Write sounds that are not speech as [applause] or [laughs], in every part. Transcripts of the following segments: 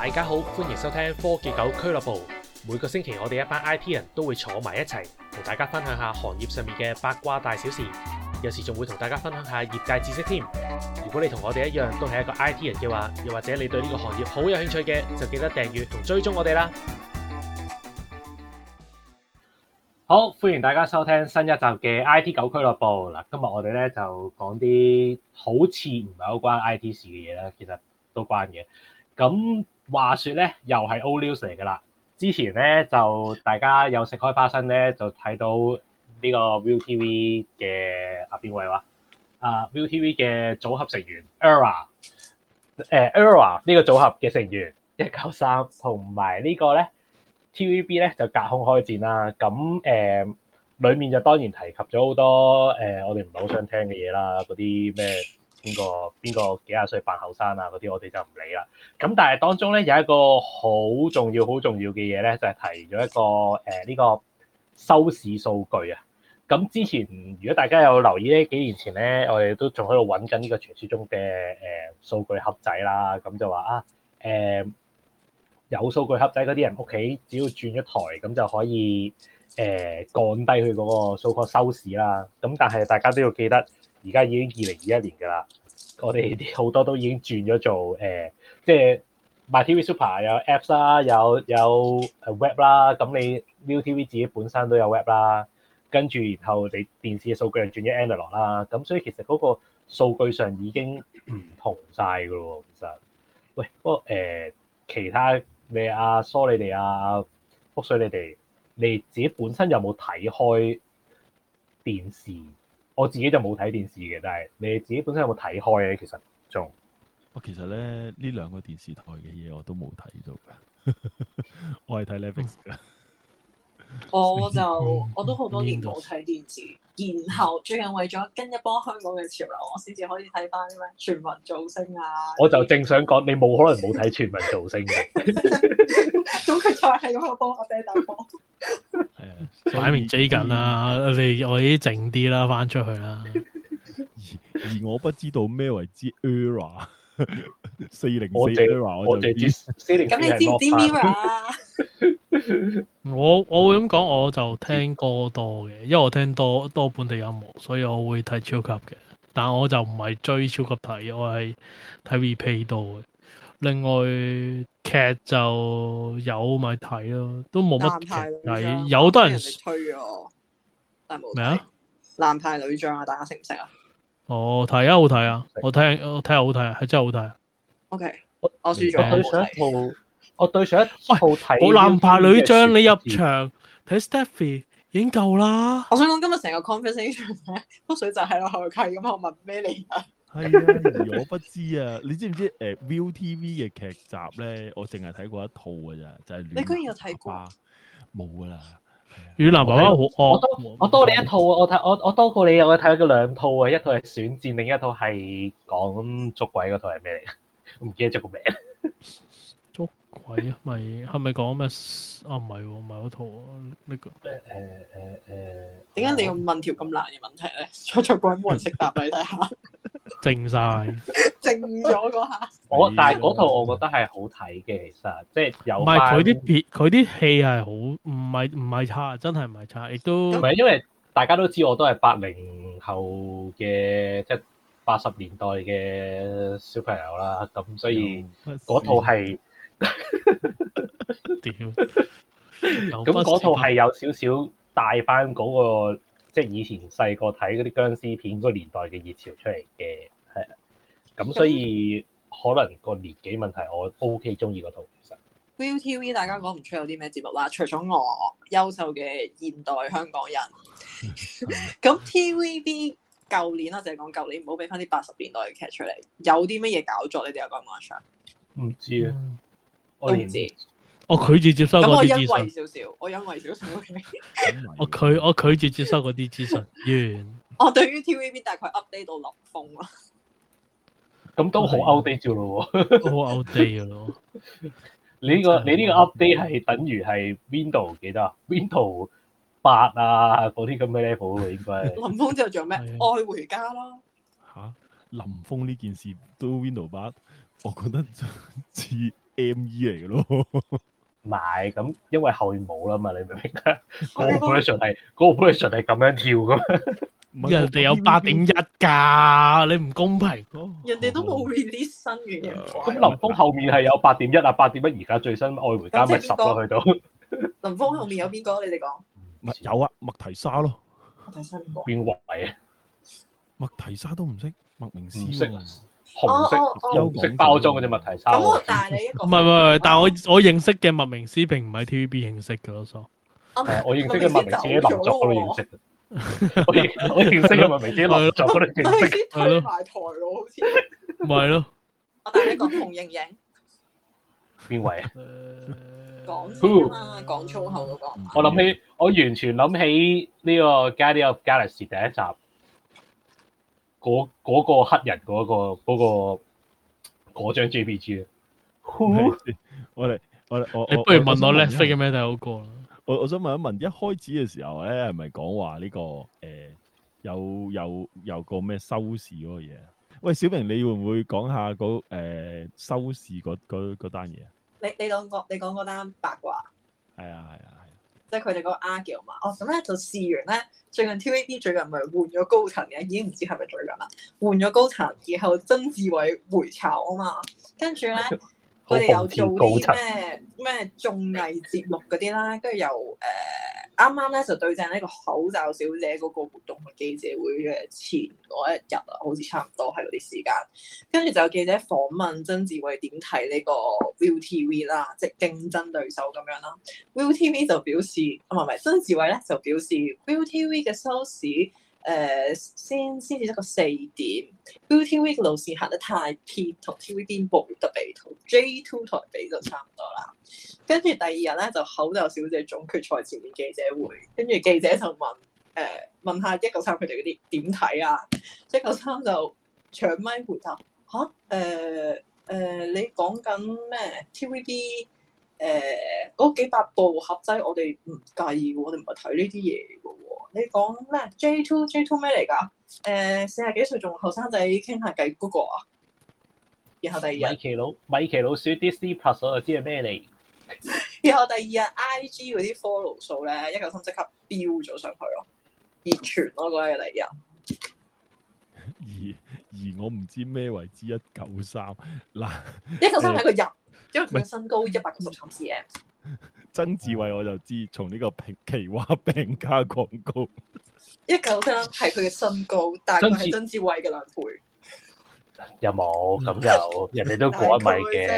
大家好，歡迎收聽科技狗俱樂部。每個星期我哋一班 IT 人都會坐埋一齊，同大家分享下行業上面嘅八卦大小事，有時仲會同大家分享下業界知識添。如果你同我哋一樣都係一個 IT 人嘅話，又或者你對呢個行業好有興趣嘅，就記得訂閱同追蹤我哋啦。好，歡迎大家收聽新一集嘅 IT 狗俱樂部。嗱，今日我哋咧就講啲好似唔係好關 IT 事嘅嘢啦，其實都關嘅。咁。話説咧，又係 Old News 嚟噶啦。之前咧就大家有食開花生咧，就睇到呢個 ViuTV 嘅啊邊位話啊、uh, ViuTV 嘅組合成員 Era，誒、uh, Era 呢個組合嘅成員一九三同埋呢個咧 TVB 咧就隔空開戰啦。咁誒、uh, 裡面就當然提及咗好多誒，uh, 我哋唔係好想聽嘅嘢啦，嗰啲咩？邊個邊個幾廿歲扮後生啊？嗰啲我哋就唔理啦。咁但係當中咧有一個好重要、好重要嘅嘢咧，就係、是、提咗一個誒呢、呃這個收視數據啊。咁之前如果大家有留意咧，幾年前咧我哋都仲喺度揾緊呢個傳説中嘅誒、呃、數據盒仔啦。咁就話啊誒、呃、有數據盒仔嗰啲人屋企只要轉咗台咁就可以誒、呃、降低佢嗰個數據收視收視啦。咁但係大家都要記得。而家已經二零二一年㗎啦，我哋好多都已經轉咗做誒，即係 MyTV Super 有 Apps 啦、啊，有有 web 啦、啊，咁你 ViuTV 自己本身都有 web 啦、啊，跟住然後你電視嘅數據又轉咗 Android 啦，咁所以其實嗰個數據上已經唔同晒㗎咯，其實。喂，不過誒、欸，其他咩阿 sorry 你哋啊，覆水你哋、啊，你自己本身有冇睇開電視？我自己就冇睇電視嘅，但係你自己本身有冇睇開咧？其實仲，我其實咧呢兩個電視台嘅嘢我都冇睇到㗎， [laughs] 我係睇 Netflix。我就我都好多年冇睇電視，嗯、然後最近為咗跟一波香港嘅潮流，我先至可以睇翻啲咩全民造星啊。我就正想講，你冇可能冇睇全民造星嘅。咁佢再係咁幫我，我俾大波。係 [laughs] 啊，擺明追緊啦！你我哋啲靜啲啦，翻出去啦。 [laughs] 而而我不知道咩為之 era 四零四呢話我就知，咁四零四 [laughs] 你知唔知 Mirror 啊？我我會咁講，我就聽歌多嘅，因為我聽多多本地音樂，所以我會睇超級嘅，但係我就唔係追超級睇，我係睇 v p e 多嘅。另外劇就有咪睇咯，都冇乜睇，有多人推我，咩啊？男派女將啊？大家識唔識啊？哦，睇啊，好睇啊！我睇我睇下好睇啊，係真係好睇 OK，我說我對上一套，我對上一套好睇。我男看排女將你入場睇 Stephy，已經夠啦。Ie, 我想講今日成個 conversation 咧， [laughs] 鋪水就係我後契咁，我問咩你？噶？係啊，我不知啊，你知唔知誒、 [laughs] 啊、？ViuTV 嘅劇集咧，我淨係睇過一套㗎咋，就係、是《睇花》你居然有睇過？冇啦。越南爸爸好，我多我多你一套啊！我睇我我多過你，我睇咗兩套啊！一套係選戰，另一套係講捉鬼嗰套，係咩嚟啊？我唔記得咗個名，捉鬼啊？咪係咪講咩啊？唔係喎，唔係嗰套啊！呢個誒誒誒，點解你要問條咁難嘅問題咧？捉捉鬼冇人識答，你睇下。靜晒，靜咗嗰下。 [laughs] [laughs] 我但係嗰套我覺得係好睇嘅，其實即係有。唔係佢啲片，佢啲戲係好，唔係唔係差，真係唔係差，亦都。唔係，因為大家都知我都係八零後嘅，即係八十年代嘅小朋友啦，咁所以嗰套係。點，咁嗰 [laughs] [laughs] 套係有少少帶翻嗰、嗰個。即係以前細個睇嗰啲僵屍片嗰個年代嘅熱潮出嚟嘅，係。咁所以可能個年紀問題，我 OK 中意嗰套。其實 ViuTV 大家講唔出有啲咩節目啦，除咗我優秀嘅現代香港人。咁 TVB 舊年啦，就係講舊年，唔好俾翻啲八十年代嘅劇出嚟。有啲乜嘢搞作，你哋有講唔講得出？唔知啊，我唔、嗯、知。我拒絕接收嗰啲資訊。我欣慰少少，我欣慰少少。我拒我拒絕接收嗰啲資訊完。 [laughs] 我對於 T V B 大概 update 到林峰啦。咁都好 out date 咗咯，好 [laughs] out date 咯。你呢個你呢個 update 係等於係 Window 幾多啊？Window 八啊，嗰啲咁嘅 level 應該。林峰之後做咩？愛、 [laughs] 哦、回家咯。吓、啊，林峰呢件事都 Window 八，我覺得似 M E 嚟嘅咯。 [laughs] 買咁，因為後面冇啦嘛，你明唔明啊？嗰個 position 係嗰個 position 係咁樣跳嘅咩？人哋有八點一噶，你唔公平。人哋都冇 release 新嘅嘢。咁林峰後面係有八點一啊，八點一而家最新愛回家咪十咯，去到。林峰後面有邊個？你哋講。咪有啊，麥提沙咯。麥提沙邊個？邊位啊？麥提沙都唔識，麥明詩識。紅色、有色包裝嗰隻物體差。咁但係你唔係唔係，但係我我認識嘅麥明詩並唔係 TVB 認識嘅咯，所我認識嘅麥明詩林作都認識。我我認識嘅麥明詩林作都認識，係咯。埋台咯，好似。唔係咯。我帶你講紅盈盈。邊位啊？講啊，講粗口嗰個。我諗起，我完全諗起呢個《Galaxy of Galaxies》第一集。嗰個黑人嗰、嗰個嗰、嗰個張 JPG 啊， [laughs] [laughs] 我哋我哋我你不如問我叻識嘅咩第一個？我我想問一問想問一問，一開始嘅時候咧，係咪講話呢個誒、呃、有有有個咩收視嗰個嘢？喂，小明，你會唔會講下嗰、嗰個呃、收視嗰單嘢啊？你講過你講個你講嗰單八卦？係啊係啊。即係佢哋嗰個 argue 嘛，哦，咁咧就試完咧，最近 TVB 最近咪換咗高層嘅，已經唔知係咪最近啦，換咗高層，然後曾志偉回巢啊嘛，跟住咧佢哋又做啲咩咩綜藝節目嗰啲啦，跟住又誒。呃啱啱咧就對正呢個口罩小姐嗰個活動嘅記者會嘅前嗰一日啊，好似差唔多係嗰啲時間，跟住就有記者訪問曾志偉點睇呢個 ViuTV 啦，即係競爭對手咁樣啦。 [laughs] ViuTV 就表示，唔係、哦、唔係，曾志偉咧就表示 ViuTV 嘅收視。誒先先至一個四點，U T V 嘅路線行得太撇，同 T V B 部特比同 J Two 台比就差唔多啦。跟住第二日咧就《口罩小姐》總決賽前面記者會，跟住記者就問誒問下一九三佢哋嗰啲點睇啊？一九三就搶麥回答吓，誒誒你講緊咩 T V B？誒嗰、嗯、幾百部合劑，我哋唔介意嘅，我哋唔係睇呢啲嘢嘅喎。你講咩？J two J two 咩嚟㗎？誒、嗯、四廿幾歲仲後生仔傾下偈嗰個啊？然後第二日，米奇老米奇老鼠啲 Disney+ 我就知係咩嚟。 [laughs] 然後第二日 I G 嗰啲 follow 數咧，一九三即刻飆咗上去咯，熱傳咯嗰日嚟嘅。而而我唔知咩為之一九三嗱，一九三係個入，因為佢嘅身高一百六十 cm。曾志偉我就知從呢個奇華餅家廣告，一九三係佢嘅身高，大概係曾志偉嘅兩倍。有冇？咁就人哋都過一米嘅，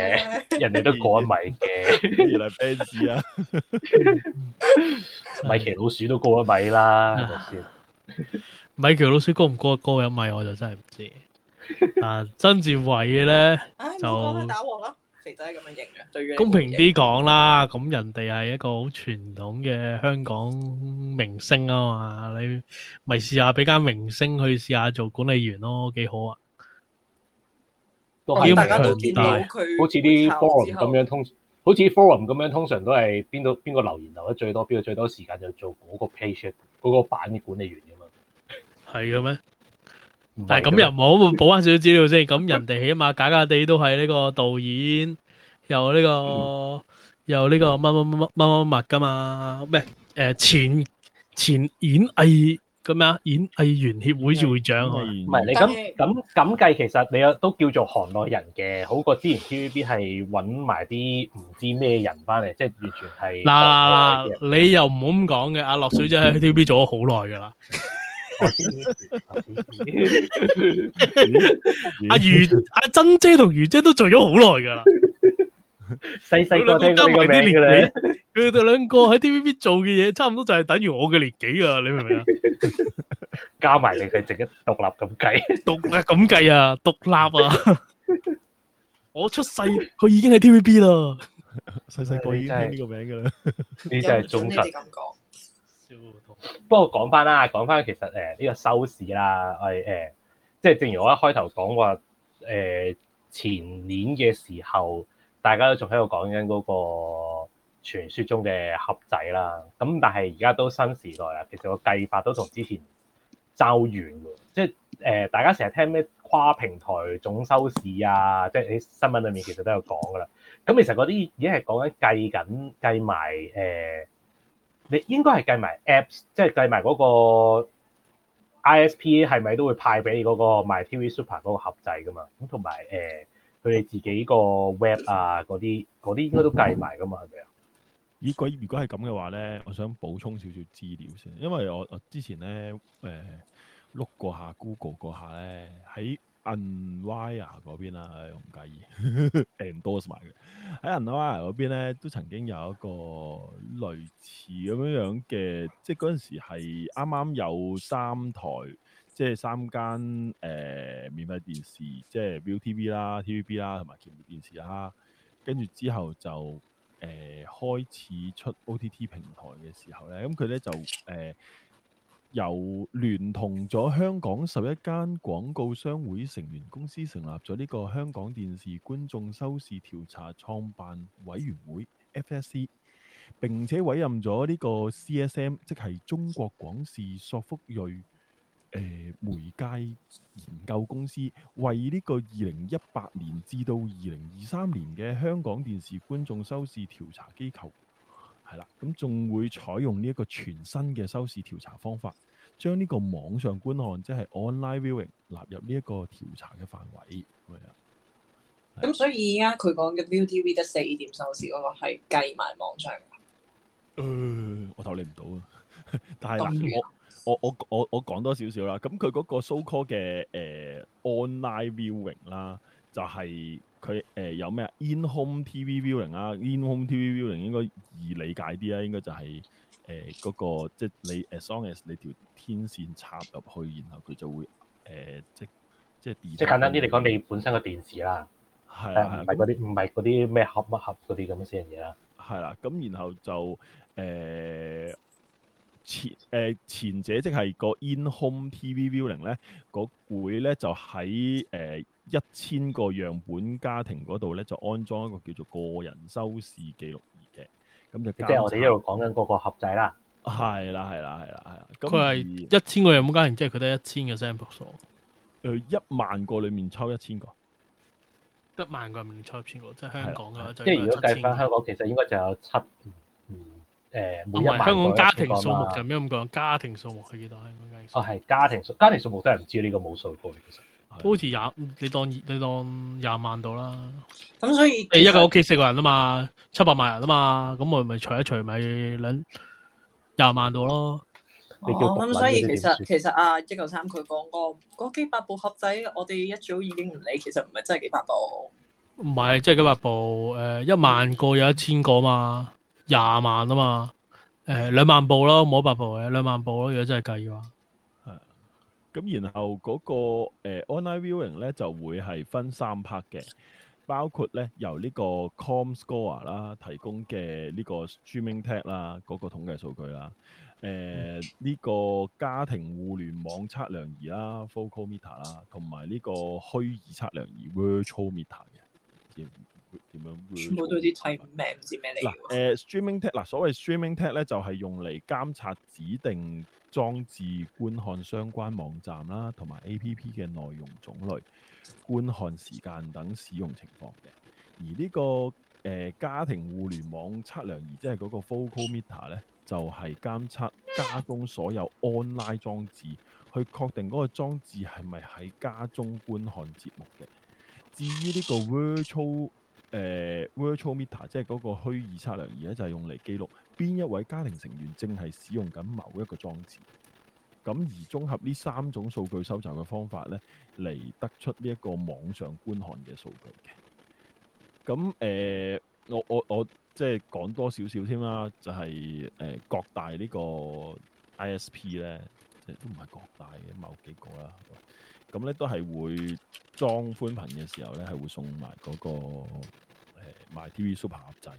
人哋都過一米嘅。 [laughs] 原來病字啊！ [laughs] [laughs] 米奇老鼠都過一米啦， [laughs] [laughs] 米奇老鼠高唔高啊？高一米我就真係唔知。但、啊、曾志偉咧，就、啊、打王啦。肥仔咁嘅型嘅，公平啲講啦，咁人哋係一個好傳統嘅香港明星啊嘛，你咪試下俾間明星去試下做管理員咯，幾好啊！我哋大家都見到佢好似啲 forum 咁樣通，好似 forum 咁樣通常都係邊度邊個留言留得最多，邊個最多時間就做嗰個 page 嗰個版嘅管理員啊嘛，係嘅咩～但係咁又唔好，補翻少少資料先。咁 [laughs] 人哋起碼假假地都係呢個導演，又呢、呢個、嗯、又呢、呢個乜乜乜乜乜乜物㗎嘛？咩？係前前演藝嘅咩演藝員協會會長。唔係、嗯嗯、你咁咁咁計，其實你有都叫做行內人嘅，好過之前 TVB 係揾埋啲唔知咩人翻嚟，即係完全係。嗱那，嗱嗱那，你又唔好咁講嘅。阿、啊、樂水仔喺 TVB 做咗好耐㗎啦。 [laughs] 阿如阿珍姐同如姐都做咗好耐噶啦，細細個都聽過啲年紀，佢哋兩個喺 TVB 做嘅嘢，差唔多就係等於我嘅年紀噶，你明唔明 [laughs] [laughs] 啊？加埋你佢而家獨立咁計，獨啊咁計啊，獨立啊！ [laughs] 我出世佢已經喺 TVB 啦，細細個已經聽呢個名噶啦，呢真係忠實。 [laughs] 不，不過講翻啦，講翻其實誒呢、呃這個收市啦，我哋誒即係正如我一開頭講過，誒、呃、前年嘅時候，大家都仲喺度講緊嗰個傳說中嘅盒仔啦。咁但係而家都新時代啦，其實個計法都同之前周遠嘅，即係誒、呃、大家成日聽咩跨平台總收市啊，即係喺新聞裏面其實都有講噶啦。咁其實嗰啲已經係講緊計緊計埋誒。你應該係計埋 Apps，即係計埋嗰個 ISP 係咪都會派俾你嗰個 MyTV Super 嗰個盒仔噶嘛？咁同埋誒佢哋自己個 Web 啊，嗰啲嗰啲應該都計埋噶嘛？係咪啊？咦？如果如果係咁嘅話咧，我想補充少少資料先，因為我我之前咧誒碌過下 Google 過下咧喺，Unwire 嗰邊啦，我唔介意。 [laughs] Endorse 埋嘅喺 Unwire 嗰邊咧，都曾經有一個類似咁樣樣嘅，即係嗰陣時係啱啱有三台，即係三間誒、呃、免費電視，即係 ViuTV 啦、TVB 啦同埋奇妙電視啦。跟住之後就誒、呃、開始出 OTT 平台嘅時候咧，咁佢咧就誒、呃由聯同咗香港十一間廣告商會成員公司成立咗呢個香港電視觀眾收視調查創辦委員會 （FSC），並且委任咗呢個 CSM，即係中國廣視索福瑞誒、呃、媒介研究公司，為呢個二零一八年至到二零二三年嘅香港電視觀眾收視調查機構。係啦，咁仲會採用呢一個全新嘅收視調查方法，將呢個網上觀看即係、就是、online viewing 納入呢一個調查嘅範圍。係咁所以而家佢講嘅 ViuTV 得四點收視嗰個係計埋網上嘅、呃。我投你唔到啊！ [laughs] 但係是我我我我我講多少少啦。咁佢嗰個 so call 嘅誒、呃、online viewing 啦，就係、是。佢誒、呃、有咩啊？In-home TV viewing 啊，In-home TV viewing 應該易理解啲啊，應該就係誒嗰個即係你 as long as 你條天線插入去，然後佢就會誒、呃、即即係即係簡單啲嚟講，你本身個電視啦，係係唔係嗰啲唔係啲咩盒乜盒嗰啲咁樣先嘢啦。係啦、啊，咁然後就誒。呃前誒、呃、前者即係個 In Home TV Viewing 咧，嗰會咧就喺誒一千個樣本家庭嗰度咧，就安裝一個叫做個人收視記錄儀嘅，咁就即係我哋一路講緊嗰個盒仔啦。係啦，係啦，係啦，係啦。佢係一千個樣本家庭，即係佢得一千個 sample 數。誒、呃，一萬個裡面抽一千個，一萬個裡面抽一千個，即係香港嘅。即係了如果計翻香港，其實應該就有七、嗯。嗯誒，每日香港家庭數目就咁樣咁講，啊、家庭數目係幾多？我計，啊係家庭數家庭數目都係唔知呢、呢個冇數過，其實好似廿的，你當你當廿萬度啦。咁所以，誒一個屋企四個人啊嘛，七百萬人啊嘛，咁我咪除一除，咪兩廿萬度咯。哦，咁所以其實其實啊，一九三佢講過嗰幾百部盒仔，我哋一早已經唔理，其實唔係真係幾百部，唔係即係幾百部。誒、呃，一萬個有一千個嘛。廿萬啊嘛，誒兩萬部咯，冇一百部嘅兩萬部咯，如果真係計嘅話。係、嗯。咁、嗯、然後嗰、那個、呃、online viewing 咧就會係分三 part 嘅，包括咧由呢個 ComScore 啦提供嘅呢個 Streaming Tech 啦嗰、那個統計數據啦，誒、呃、呢、嗯、個家庭互聯網測量儀啦 Focal Meter 啦，同埋呢個虛擬測量儀 Virtual Meter 嘅。點樣？Virtual, 全部都啲睇唔明唔知咩嚟嗱，誒、呃、，streaming tech 嗱，所謂 streaming tech 咧，就係、是、用嚟監察指定裝置觀看相關網站啦，同埋 A P P 嘅內容種類、觀看時間等使用情況嘅。而呢、這個誒、呃、家庭互聯網測量儀，即係嗰個 Focal Meter 咧，就係監測家中所有 online 裝置，去確定嗰個裝置係咪喺家中觀看節目嘅。至於呢個 Virtual virtual meter 即係嗰個虛擬測量，而咧就係用嚟記錄邊一位家庭成員正係使用緊某一個裝置，咁而綜合呢三種數據收集嘅方法咧，嚟得出呢一個網上觀看嘅數據嘅。咁誒、uh，我我我即係講多少少添啦，就係誒各大個呢個 ISP 咧，即都唔係各大嘅某幾個啦。咁咧都係會裝寬頻嘅時候咧，係會送埋嗰、嗰個誒 myTV SUPER 盒仔。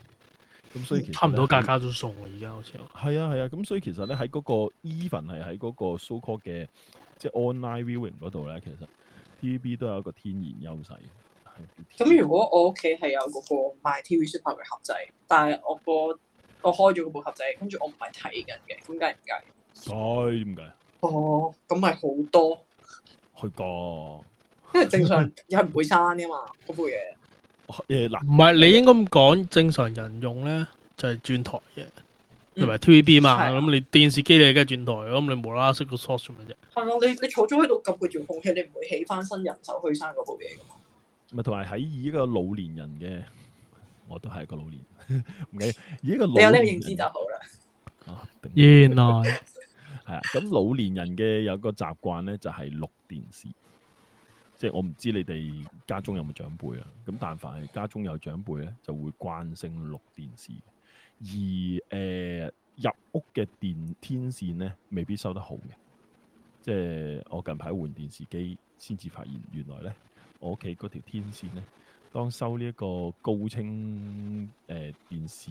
咁所以差唔多家家都送啊！而家好似係啊係啊，咁所以其實咧喺嗰個 even 係喺嗰個 so-called 嘅即係 online viewing 嗰度咧，其實 TVB 都有一個天然優勢。咁如果我屋企係有嗰個 myTV SUPER 嘅盒仔，但係我、嗰個我開咗個部盒仔，跟住我唔係睇緊嘅，點解唔解？係點解？哦，咁咪好多。去過，因為正常人又係唔會刪嘅嘛，嗰部嘢。誒嗱，唔係你應該咁講，正常人用咧就係、是、轉台嘅，同埋 TVB 嘛。咁、啊嗯、你電視機你梗係轉台，咁你冇啦啦識個 source 咩啫？係咯、啊，你你坐咗喺度撳個遙控器，你唔會起翻身人手去刪嗰部嘢嘅。嘛。咪同埋喺依個老年人嘅，我都係一個老年人。唔緊要，個老你有呢個認知就好啦。原來。咁、嗯、老年人嘅有個習慣咧，就係、是、錄電視。即係我唔知你哋家中有冇長輩啊。咁但凡係家中有長輩咧，就會慣性錄電視。而誒、呃、入屋嘅電天線咧，未必收得好嘅。即係我近排換電視機先至發現，原來咧我屋企嗰條天線咧，當收呢一個高清誒、呃、電視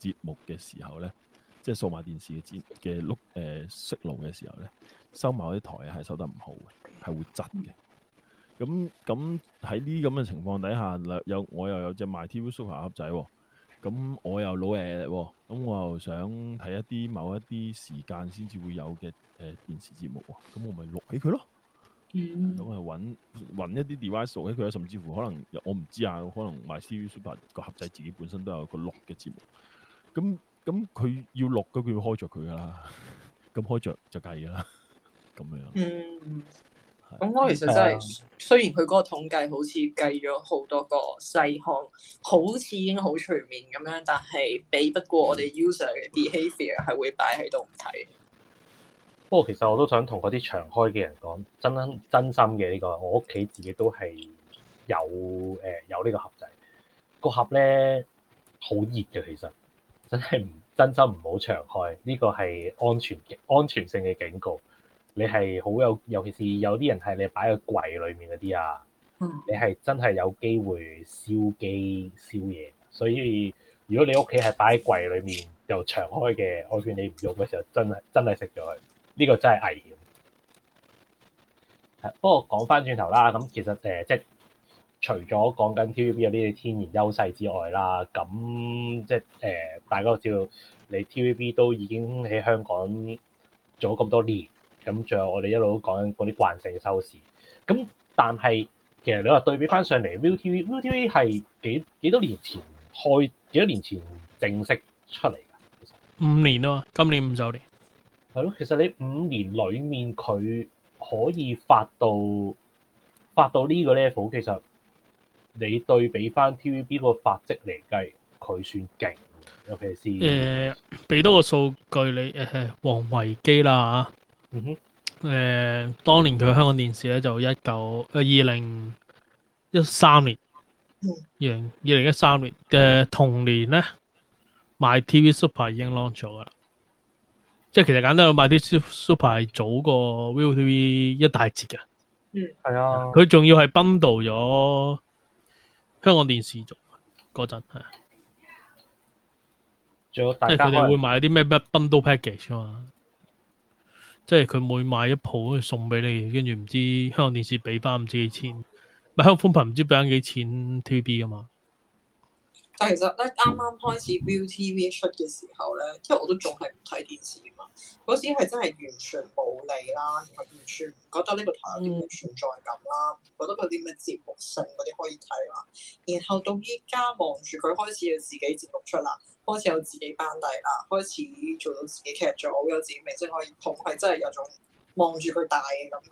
節目嘅時候咧。即係數碼電視嘅節嘅錄誒識、呃、錄嘅時候咧，收某啲台係收得唔好嘅，係會窒嘅。咁咁喺呢咁嘅情況底下，有我又有隻 My TV Super 盒仔喎、哦。咁我又老嘢喎，咁我又想睇一啲某一啲時間先至會有嘅誒、呃、電視節目喎、哦。咁我咪錄起佢咯。咁啊揾揾一啲 device 錄起佢，甚至乎可能我唔知啊，可能 My TV Super 個盒仔自己本身都有個錄嘅節目。咁。咁佢要錄，佢要開着佢啦。咁開着就計啦，咁樣。嗯，咁我是、嗯、其實真係雖然佢嗰個統計好似計咗好多個細項，好似已經好全面咁樣，但係比不過我哋 user 嘅 behavior 係會擺喺度唔睇。嗯嗯嗯、不過其實我都想同嗰啲長開嘅人講，真真心嘅呢、這個，我屋企自己都係有誒、呃、有呢個盒仔，個盒咧好熱嘅，熱其實。真係唔真心唔好長開，呢、這個係安全嘅安全性嘅警告。你係好有，尤其是有啲人係你擺喺櫃裏面嗰啲啊，嗯、你係真係有機會燒機燒嘢。所以如果你屋企係擺喺櫃裏面又長開嘅，我勸你唔用嘅時候，真係真係食咗佢，呢、這個真係危險。不過講翻轉頭啦，咁其實誒、呃、即。除咗講緊 TVB 有呢啲天然優勢之外啦，咁即係誒、呃，大家都知道你 TVB 都已經喺香港做咗咁多年，咁仲有我哋一路講緊嗰啲慣性嘅收視。咁但係其實你話對比翻上嚟 ViuTV，ViuTV 係幾幾多年前開，幾多年前正式出嚟嘅，其實，五年啊嘛，今年五周年。係咯，其實你五年裡面佢可以發到發到呢個 level，其實～你對比翻 TVB 個發跡嚟計，佢算勁，尤其是誒，俾多、呃、個數據你誒、呃，王維基啦嚇，哼，誒，當年佢香港電視咧就一九誒二零一三年，二零二零一三年嘅、呃、同年咧 myTV Super 已經 launch 咗啦，即係其實簡單，myTV Super 早過 Viu TV 一大截嘅，嗯，係啊，佢仲要係 bundle 咗。香港電視做嗰陣係啊，即係佢哋會買啲咩咩 bundle package 啊嘛，即係佢每買一鋪送俾你，跟住唔知香港電視畀返唔知幾錢，香港寬頻唔知畀返幾錢 T V B 嘛。但其實咧，啱啱開始 Viu TV 出嘅時候咧，即係我都仲係唔睇電視啊嘛。嗰時係真係完全冇理啦，完全唔覺得呢個台有啲咩存在感啦，嗯、覺得佢啲咩節目性嗰啲可以睇啦。然後到依家望住佢開始有自己節目出啦，開始有自己班底啦，開始做到自己劇組，有自己明星可以捧，係真係有種望住佢大嘅感覺。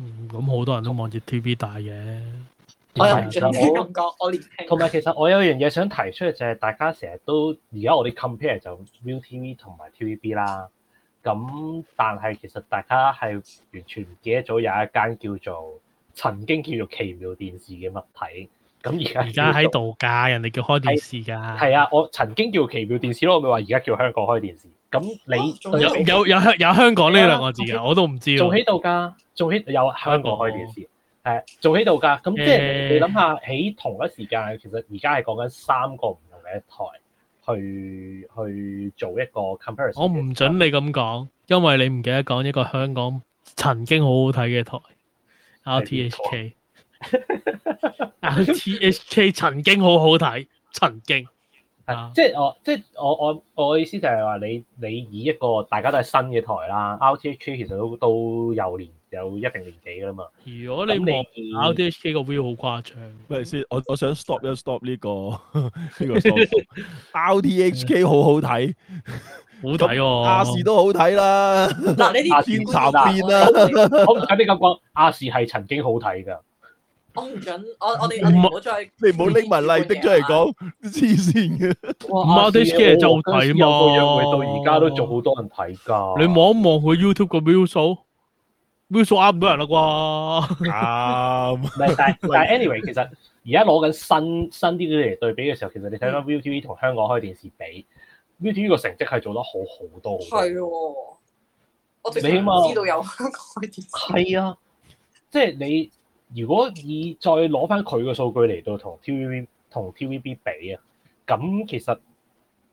嗯，咁好多人都望住 TV 大嘅。我唔同埋，我 [laughs] 其實我有樣嘢想提出嘅就係大家成日都而家我哋 compare 就 ViuTV 同埋 TVB 啦。咁但係其實大家係完全唔記得咗有一間叫做曾經叫做奇妙電視嘅物體。咁而而家喺度㗎，在在人哋叫開電視㗎。係啊，我曾經叫奇妙電視咯，我咪話而家叫香港開電視。咁你、哦、有有香有香港呢兩個字啊？嗯、我都唔知。仲喺度㗎，仲係有香港開電視。做喺度㗎，咁即係你諗下，喺同一時間，其實而家係講緊三個唔同嘅台去去做一個 comparison。我唔准你咁講，因為你唔記得講一個香港曾經好好睇嘅台 RTHK。RTHK [laughs] 曾經好好睇，曾經。啊、即係我，即係我，我，我意思就係話你，你以一個大家都係新嘅台啦，RTHK 其實都有都有年，有一定年紀噶嘛。如果你未，RTHK 個 view 好誇張。不如先、啊，我我想 stop 一 stop 呢個呢個。RTHK [laughs] [laughs] 好好睇，好睇喎。亞視都好睇啦，嗱你啲變變啦。好唔好睇？你感覺亞視係曾經好睇噶。講唔準，我我哋唔好再，你唔好拎埋例逼出嚟講，黐線嘅。哇，This guy 就係啊，個樣位到而家都做好多人睇噶。你望一望佢 YouTube 個 view 數，view 數啱唔到人啦啩？啱。唔係，但但 anyway，其實而家攞緊新新啲嘢嚟對比嘅時候，其實你睇翻 ViuTV 同香港開電視比，ViuTV 個成績係做得好好多。係喎，你起碼知道有香港開電視。係啊，即係你。如果以再攞翻佢嘅數據嚟到同 TVB 同 TVB 比啊，咁其實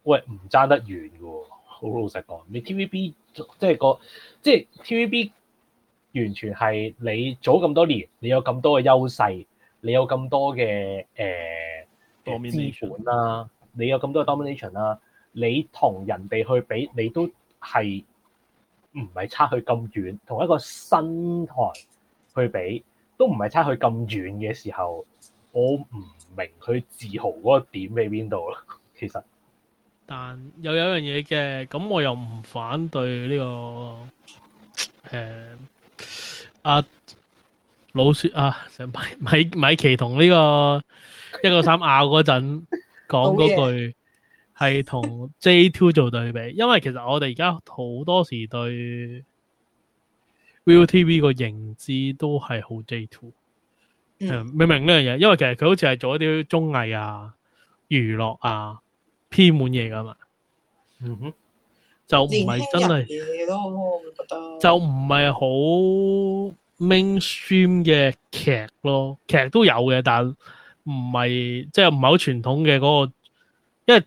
喂唔差得遠嘅喎，好老實講。你 TVB 即係、個即係 TVB 完全係你早咁多年，你有咁多嘅優勢，你有咁多嘅誒、呃、多面資本啦、啊，你有咁多嘅 domination 啦、啊，你同人哋去比，你都係唔係差去咁遠，同一個新台去比。都唔係差佢咁遠嘅時候，我唔明佢自豪嗰個點喺邊度咯。其實，但又有一樣嘢嘅，咁我又唔反對呢、這個誒、呃、啊老雪啊，米米，米奇同呢、這個一個三拗嗰陣講嗰句，係同 [laughs] J Two 做對比，因為其實我哋而家好多時對。Viu TV 個認知都係好 j2，明唔明呢樣嘢？因為其實佢好似係做一啲綜藝啊、娛樂啊，偏滿嘢噶嘛。嗯哼，就唔係真係就唔係好 mainstream 嘅劇咯。劇都有嘅，但唔係即係唔係好傳統嘅嗰、那個。因為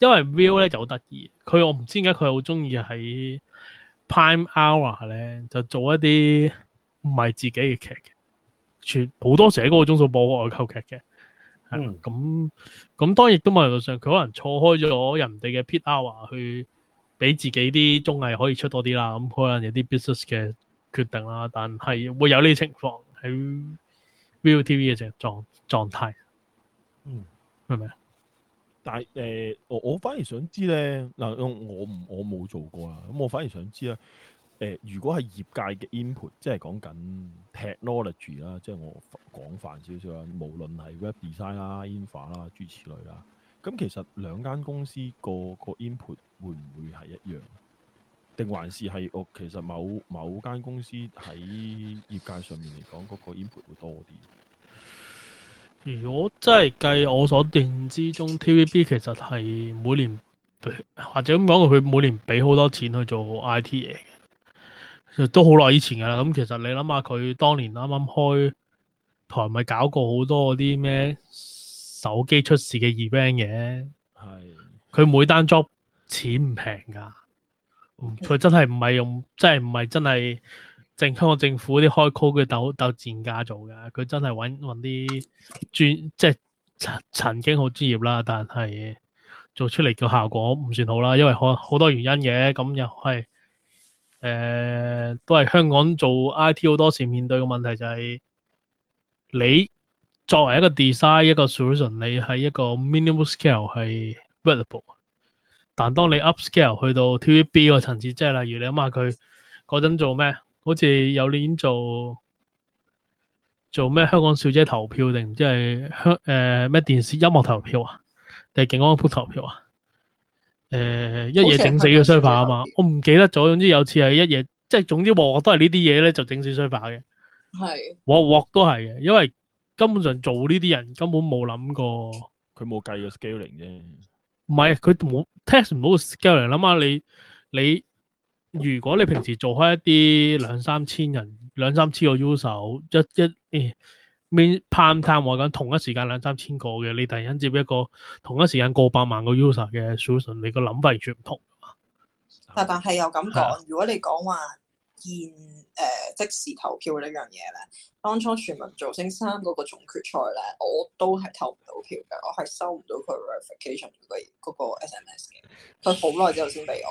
因為 Viu 咧就好得意，佢、嗯、我唔知點解佢好中意喺。Prime hour 咧就做一啲唔係自己嘅劇嘅，全好多時喺嗰個鐘數播外購劇嘅。咁咁，嗯、當然都某程度上佢可能錯開咗人哋嘅 pit hour 去俾自己啲綜藝可以出多啲啦。咁可能有啲 business 嘅決定啦，但係會有呢啲情況喺 Viu TV 嘅情狀狀態。嗯，明唔明啊？但係誒、呃，我我反而想知咧，嗱，我我冇做過啊，咁我反而想知啊，誒，如果係業界嘅 input，即係講緊 technology 啦，即係我廣泛少少啦，無論係 web design 啦、infra 啦諸此類啦，咁其實兩間公司、嗰個個 input 會唔會係一樣，定還是係我其實某某間公司喺業界上面嚟講，嗰、嗰個 input 會多啲？如果真係計我所定之中，TVB 其實係每年，或者咁講佢，佢每年俾好多錢去做 IT 嘢嘅，都好耐以前㗎啦。咁其實你諗下，佢當年啱啱開台咪搞過好多啲咩手機出事嘅 event 嘅，係佢的每單 job 錢唔平㗎，佢真係唔係用，即係唔係真係。定香港政府啲開 call 嘅鬥鬥賤價做嘅，佢真係揾揾啲專即係曾，曾經好專業啦，但係做出嚟嘅效果唔算好啦，因為好好多原因嘅。咁又係誒、呃，都係香港做 I.T. 好多時面對嘅問題就係、是、你作為一個 design 一個 solution，你喺一個 minimum scale 係 valuable，但當你 up scale 去到 TVB 個層次，即係例如你諗下佢嗰陣做咩？好似有年做做咩香港小姐投票，定唔知係香誒咩電視音樂投票啊定勁歌扑投票啊誒、呃、一嘢整死個衰把啊嘛，我唔記得咗，總之有次係一嘢即係總之鑊都係呢啲嘢咧就整死衰把嘅。係鑊鑊都係嘅，因為根本上做呢啲人根本冇諗過佢冇計個 scaling 啫。唔係佢冇 test 唔到 scaling 諗下你你。你你如果你平時做開一啲兩三千人、兩三千個 user，一一面盼探我講同一時間兩三千個嘅，你突然間接一個同一時間過百萬個 user 嘅 user，你個諗法完全唔同。啊，但係又咁講，是的 如果你講話現誒、呃、即時投票呢樣嘢咧，當初全民造星三嗰、那個總決賽咧，我都係投唔到票嘅，我係收唔到佢 verification 嗰嗰個 SMS 嘅，佢好耐之後先俾我。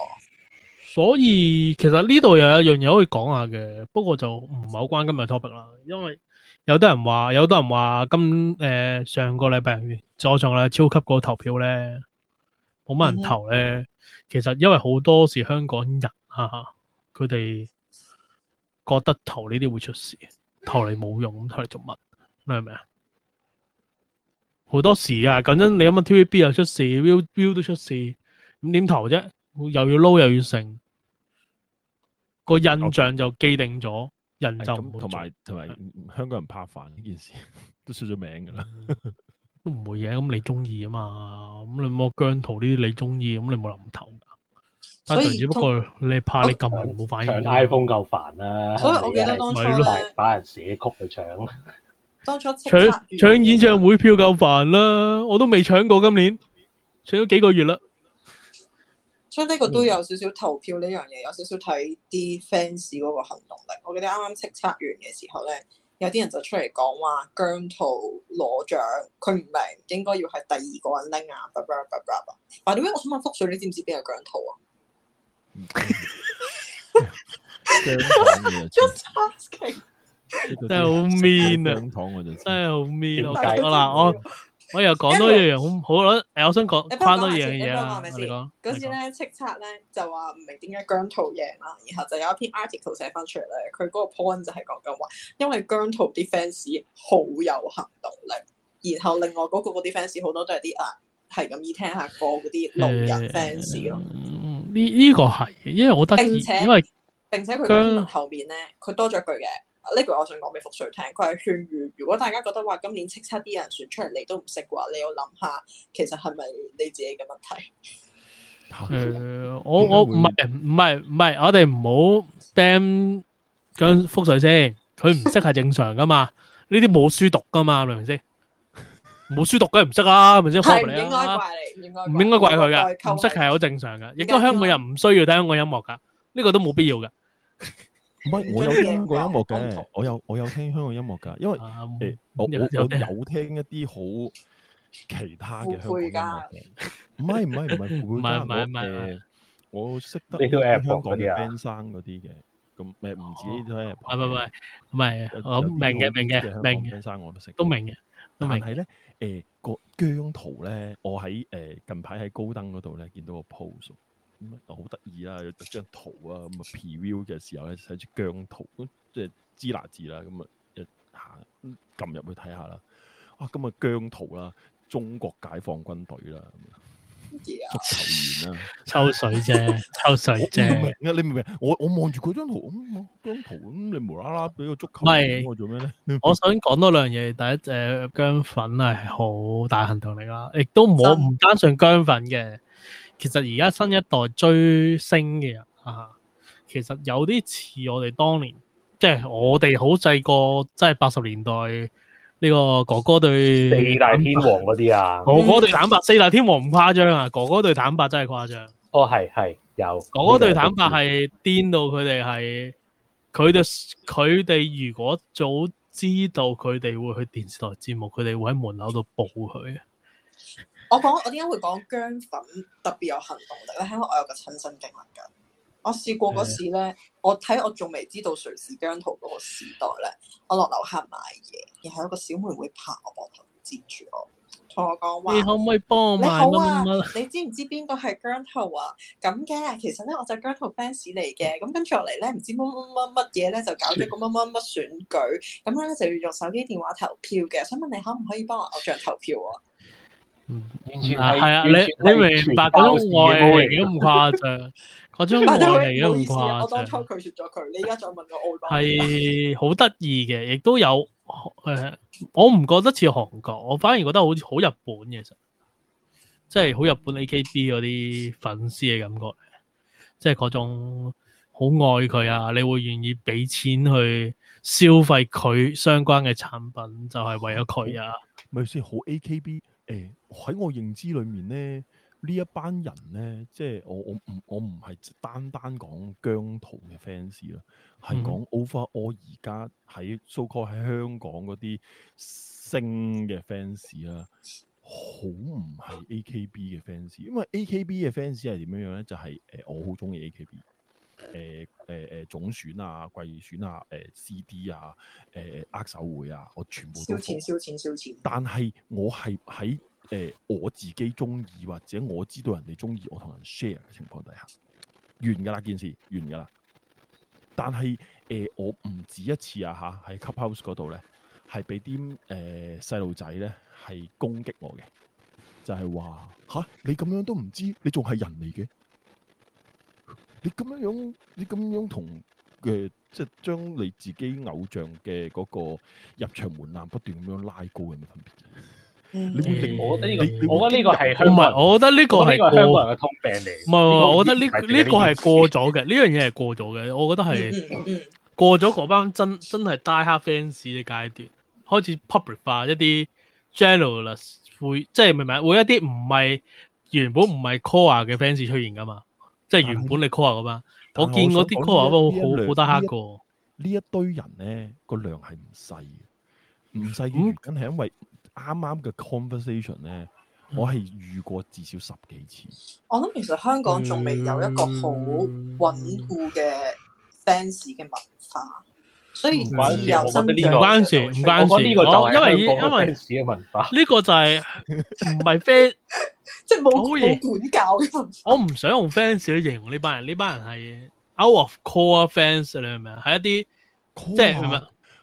所以其實呢度又有一樣嘢可以講下嘅，不過就唔係好關今日 topic 啦。因為有啲人話，有啲人話今誒、呃、上個禮拜坐上個超級個投票咧，冇乜人投咧。其實因為好多時香港人啊，佢哋覺得投呢啲會出事，投嚟冇用，咁投嚟做乜？明唔明啊？好多時啊，講真，你諗下 TVB 又出事，Viu Viu 都出事，咁點投啫？又要撈又要剩，個印象就既定咗，印象。同埋同埋，香港人怕煩呢件事都出咗名噶啦，都唔 [laughs] 會嘅。咁你中意啊嘛？咁你冇姜濤呢啲你中意，咁你冇諗頭。所以只不過你怕你咁耐冇反應，搶 iPhone 夠煩啦，啊。所以，我都記得當初咧，是是咯把人寫曲，曲去搶。當初搶搶演唱會票夠煩啦，我都未搶過今年，搶咗幾個月啦。所以呢個都有少少投票呢樣嘢，有少少睇啲 fans 嗰個行動力。我記得啱啱叱咤完嘅時候咧，有啲人就出嚟講話姜濤攞獎，佢唔明應該要係第二個人拎啊！巴拉巴拉巴拉，但點解我想問福水，你知唔知邊個姜濤啊？Just asking，真係好 mean 啊！真係好 mean，我解咗啦，我。 [laughs] [laughs] [laughs] 大 [laughs] 我又講多一樣好，好啦為，誒，我想講翻多一樣嘢啦，我哋講嗰次咧，叱咤咧就話唔明點解姜濤贏啦，然後就有一篇 article 寫翻出嚟咧，佢嗰個 point 就係講緊話，因為姜濤啲 fans 好有行動力，然後另外嗰個嗰啲 fans 好多都係啲啊，係咁意聽下歌嗰啲路人 fans 咯。呢、呢、嗯嗯嗯這個係，因為我覺得好得意，且因為並且佢後邊咧，佢多咗句嘅。呢句我想講俾覆水聽，佢係勸喻，如果大家覺得話今年叱咤啲人選出嚟你都唔識嘅話，你要諗下，其實係咪你自己嘅問題？誒，我我唔係唔係唔係，我哋唔好 damn 咁覆水先，佢唔識係正常噶嘛，呢啲冇書讀噶嘛，明唔明先？冇書讀梗係唔識啦，明唔明先？係應該怪你，唔應該怪佢嘅，唔識係好正常嘅，而家香港人唔需要聽香港音樂噶，呢個都冇必要嘅。唔係，我有聽過音樂嘅，我有我有聽香港音樂噶，因為我我我有聽一啲好其他嘅香港音樂嘅，唔係唔係唔係，唔係唔係唔係，我識得你叫 Apple 嘅 Band 生嗰啲嘅，咁唔止都係 Apple，唔係唔係唔係，我明嘅明嘅明嘅，Band 生我都識，都明嘅，都明。但係咧，誒個疆圖咧，我喺誒近排喺高登嗰度咧見到個 post。好得意啦，有張圖啊，咁啊 preview 嘅時候咧寫住姜濤，即係支拿字啦，咁啊一行撳入去睇下啦。哇，咁啊姜濤啦，中國解放軍隊啦，足球員啦，抽水啫，抽水啫。你明唔明？我我望住嗰張圖，嗰張圖咁你無啦啦俾個足球，唔係做咩咧？我想講多兩嘢。第一，誒姜粉係好大行動力啦，亦都唔好唔單純姜粉嘅。其實而家新一代追星嘅人啊，其實有啲似我哋當年，即係我哋好細個，即係八十年代呢、這個哥哥對四大天王嗰啲啊。哥哥對坦白，四大天王唔誇張啊，哥哥對坦白真係誇張。哦，係係有。哥哥對坦白係癲、這個、到佢哋係，佢哋佢哋如果早知道佢哋會去電視台節目，佢哋會喺門口度報佢。我講我點解會講姜粉特別有行動力咧？因為我有個親身經歷㗎。我試過嗰時咧的，我睇我仲未、啊、知，知道誰是姜濤嗰個時代咧。我落樓下買嘢，然後有個小妹妹拍我膊頭，接住我，同我講話：可唔可以幫我買咁樣？你好啊？你知唔知邊個係姜濤啊？咁嘅其實咧，我就姜濤 fans 嚟嘅。咁 [laughs] 跟住落嚟咧，唔知乜乜乜乜嘢咧，就搞咗個乜乜乜選舉。咁咧就要用手機電話投票嘅。想問你可唔可以幫我偶像投票啊？完全係，你你明白嗰種愛嚟都唔誇張，嗰種愛嚟都唔誇張。我當初拒絕咗佢，你而家再問我外？係好得意嘅，亦都有誒，我唔覺得似韓國，我反而覺得好似好日本嘅，其實即係好日本 A K B 嗰啲粉絲嘅感覺，即係嗰種好愛佢啊！你會願意俾錢去消費佢相關嘅產品，就係為咗佢啊！咪好好 A K B 誒。喺我認知裏面咧，呢一班人咧，即係我我唔我唔係單單講姜濤嘅 fans 啦，係講、嗯、over 我而家喺 so called 喺香港嗰啲星嘅 fans 啦，好唔係 A K B 嘅 fans。因為 A K B 嘅 fans 係點樣樣咧？就係、是、誒、呃、我好中意 A K B，誒誒誒總選啊、季選啊、誒、呃、C D 啊、誒、呃、握手會啊，我全部都，燒錢燒錢燒錢但係我係喺。誒、呃、我自己中意或者我知道人哋中意，我同人 share 嘅情況底下，完㗎啦件事，完㗎啦。但係誒、呃，我唔止一次啊嚇，喺 Clubhouse 嗰度咧，係俾啲誒細路仔咧係攻擊我嘅，就係話嚇你咁樣都唔知，你仲係人嚟嘅？你咁樣樣，你咁樣同嘅、呃、即係將你自己偶像嘅嗰個入場門檻不斷咁樣拉高，有咩分別？我覺得呢個，我覺得呢個係唔係？我覺得呢個係香港人嘅通病嚟。唔係，我覺得呢呢個係過咗嘅，呢樣嘢係過咗嘅。我覺得係過咗嗰班真真係 die hard fans 嘅階段，開始 public 化一啲 journalists 啦，會即係明唔明？會一啲唔係原本唔係 core 嘅 fans 出現噶嘛？即係原本你 core 咁啊？我見嗰啲 core 都好好 die hard 嘅。呢一堆人咧個量係唔細嘅，唔細嘅原因係因為。啱啱嘅 conversation 咧，我係遇過至少十幾次。我諗其實香港仲未有一個好穩固嘅 fans 嘅文化，所以唔關事。唔關事，唔關事。我講呢個就係因為因為 fans 嘅文化，呢個就係唔係 fans，即係冇冇管教嘅文化。我唔想用 fans 嚟形容呢班人，呢班人係 out of core fans，你明唔明？係一啲即係係咪？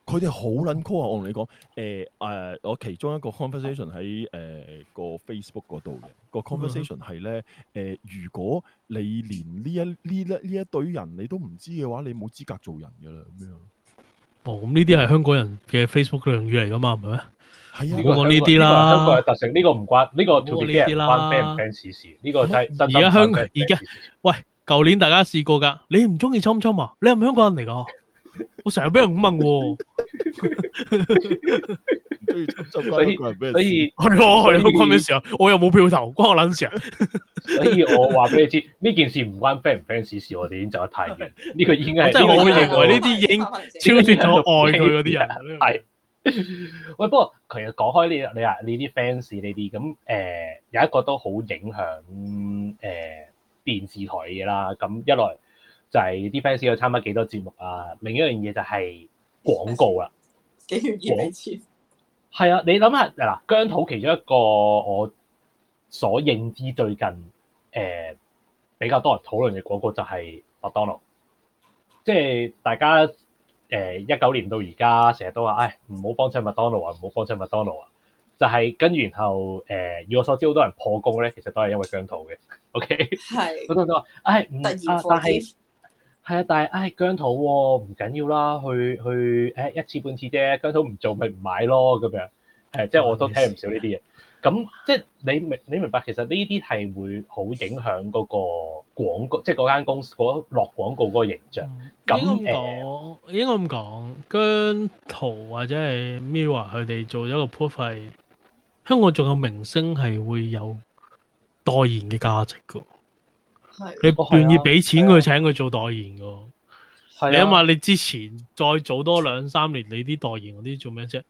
佢哋好撚 call 啊！我同你講，誒、欸、誒、啊，我其中一個 conversation 喺誒、欸、個 Facebook 嗰度嘅個 conversation 係咧，誒、欸，如果你連呢一呢一呢一堆人你都唔知嘅話，你冇資格做人㗎啦咁樣。哦，咁呢啲係香港人嘅 Facebook 量語嚟㗎嘛，係咪？係啊，講呢啲啦。香港嘅特性呢、這個唔關呢、這個關，做呢啲啦，聽唔事？呢個就係而家香港而家，喂在，舊在年大家試過㗎，你唔中意沖沖啊？你係唔係香港人嚟㗎？ [laughs] 我成日俾人五問喎，所以所以係咯係咯，關咩事啊？我又冇票投，關我撚事啊！所以，所以，所以我話俾你知，呢件事唔關 fan 唔 fans 事，我哋已經走得太遠。呢 [laughs] 個已經係、呢個、真我會認為呢啲已經超脫到愛佢嗰啲人。係喂，不過 [laughs] 其實講開呢，你話呢啲 fans 呢啲咁誒，有一個都好影響誒、呃、電視台嘅啦。咁一來。就係啲 fans 要以參加幾多節目啊！另一樣嘢就係廣告啦、啊，幾遠幾錢？係啊，你諗下嗱，姜濤其中一個我所認知最近誒、呃、比較多人討論嘅廣告就係麥當勞，即、就、係、是、大家誒一九年到而家成日都話，唉，唔好幫襯麥當勞啊，唔好幫襯麥當勞啊！就係、是、跟住，然後誒、呃，以我所知，好多人破功咧，其實都係因為姜濤嘅。O K. 係好多人都話，唉，唔得意啊，但係。係啊，但係唉、哎，姜濤喎、哦，唔緊要啦，去去誒、哎、一次半次啫，姜濤唔做咪唔買咯咁樣。誒，即係我都聽唔少呢啲嘢。咁即係你明你明白，其實呢啲係會好影響嗰個廣告，即係嗰間公司嗰落廣告嗰個形象。咁講應該咁講，姜濤或者係 Mirror 啊，佢哋做咗個 proof 係香港仲有明星係會有代言嘅價值嘅。你願意俾錢佢請佢做代言噶？你諗下，啊、因為你之前再早多兩三年，你啲代言嗰啲做咩啫？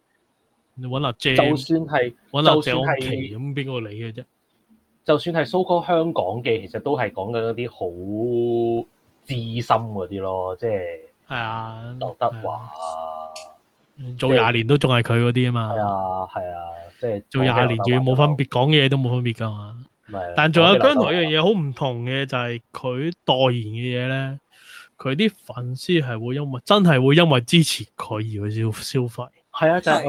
你搵阿姐，就算係搵阿鄭希咁，邊個理嘅啫？就算係蘇哥香港嘅，其實都係講緊一啲好資深嗰啲咯，即係。係啊，劉德華華、啊、做廿年都仲係佢嗰啲啊嘛。係啊，係啊，啊，即係做廿年仲要冇分別，講嘢、啊啊、都冇分別噶嘛。但仲有姜濤一樣嘢好唔同嘅，就係、是、佢代言嘅嘢咧，佢啲粉絲係會因為真係會因為支持佢而去消消費。係啊，就係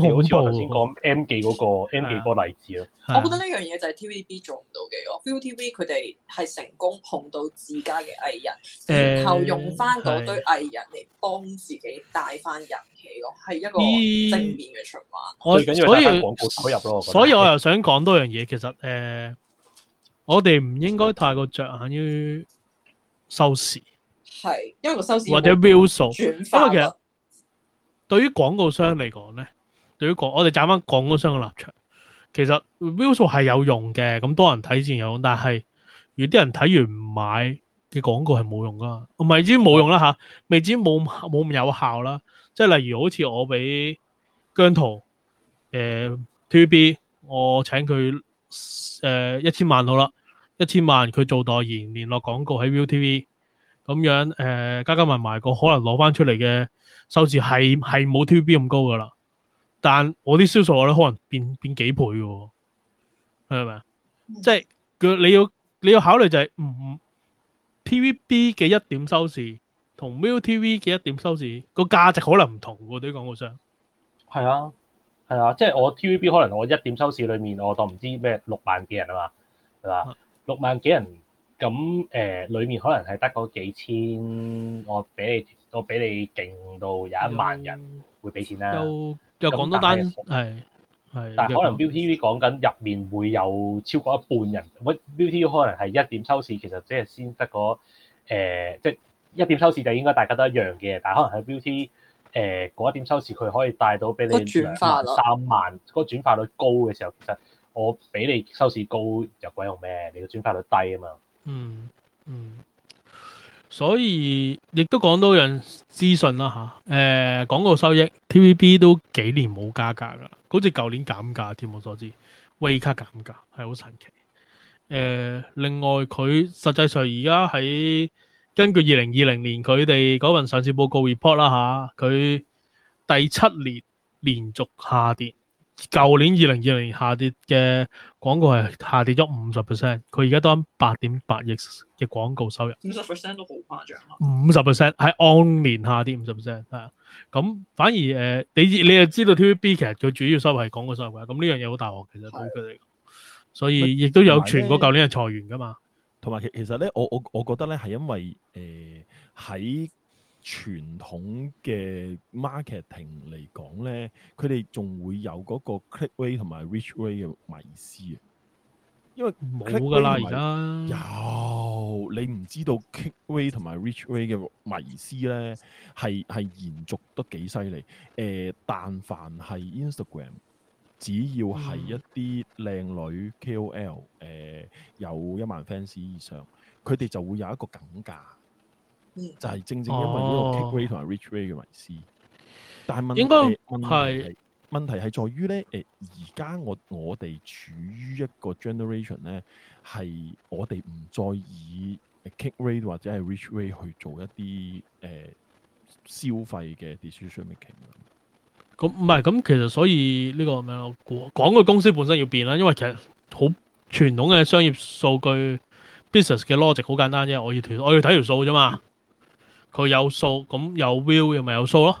好好似我頭先講 M 記嗰、那個 M 記、啊、個例子咯。啊、我覺得呢樣嘢就係 TVB 做唔到嘅，我 feel ViuTV 佢哋係成功捧到自家嘅藝人，然後用翻嗰堆藝人嚟幫自己帶翻人氣咯，係、嗯、一個正面嘅循環。我所以，所以我又想講多樣嘢，其實誒。呃我哋唔應該太過着眼於收視，係因為收視或者 view 數，因為其實對於廣告商嚟講咧，對於廣我哋搵返廣告商嘅立場，其實 view 數係有用嘅，咁多人睇自然有用。但係如果啲人睇完唔買嘅，廣告係冇用㗎，唔係至於冇用啦吓，未至於冇冇咁有效啦。即係例如好似我俾姜濤誒 Tub，我請佢。誒，一千萬好啦，一千萬佢做代言，聯絡廣告喺 Viu TV，咁樣誒、呃、加加埋埋個可能攞翻出嚟嘅收視係係冇 TVB 咁高噶啦，但我啲銷售咧可能變變幾倍嘅，係咪？嗯、即係佢你要你要考慮就係、是、唔唔、嗯、TVB 嘅一點收視同 Viu TV 嘅一點收視個價值可能唔同嘅對於廣告商，係啊。係啊，即係我 TVB 可能我一點收視裏面，我當唔知咩、啊、六萬幾人啊嘛，係嘛？六萬幾人咁，誒，裏面可能係得嗰幾千，嗯、我俾你，我俾你勁到有一萬人會俾錢啦。又又講多單係係，但係可能 VTV 講緊入面會有超過一半人，VTV 可能係一點收視，其實即係先得嗰誒、即係一點收視就應該大家都一樣嘅，但係可能喺 VTV 誒嗰一點收視，佢可以帶到俾你轉化。三萬，嗰個轉化率高嘅時候，其實我俾你收視高又鬼用咩？你個轉化率低啊嘛。嗯嗯，所以亦都講到樣資訊啦吓，誒、呃、廣告收益 T V B 都幾年冇加價㗎啦，好似舊年減價添，我所知威卡減價係好神奇。誒、呃、另外佢實際上而家喺根據二零二零年佢哋嗰份上市報告 report 啦嚇，佢第七年連續下跌，舊年二零二零年下跌嘅廣告係下跌咗五十 percent，佢而家得八點八億嘅廣告收入。五十 percent 都好誇張，五十 percent 係按年下跌五十 percent 係啊。咁、嗯、反而誒你你又知道 TVB 其實佢主要收入係廣告收入㗎，咁、嗯、呢樣嘢好大鑊，其實對佢哋，所以亦都有傳過舊年係裁員㗎嘛。同埋其其實咧，我我我覺得咧，係因為誒喺、呃、傳統嘅 marketing 嚟講咧，佢哋仲會有嗰個 click way 同埋 rich way 嘅迷思啊，因為冇㗎啦，而家迷有你唔知道 click way 同埋 rich way 嘅迷思咧，係係延續得幾犀利誒？但凡係 Instagram。只要係一啲靚女 KOL，誒、嗯呃、有一萬 fans 以上，佢哋就會有一個梗價，嗯、就係正正因為呢個 kick rate 同埋 reach rate 嘅迷思。嗯、但係問題，應該係問題係在於咧，誒而家我我哋處於一個 generation 咧，係我哋唔再以 kick rate 或者係 reach rate 去做一啲誒、呃、消費嘅 decision making。咁唔係咁，其實所以呢、這個咩咯？講個公司本身要變啦，因為其實好傳統嘅商業數據 business 嘅 logic 好簡單啫。我要條我要睇條數啫嘛。佢有數咁有 view，又咪有數咯？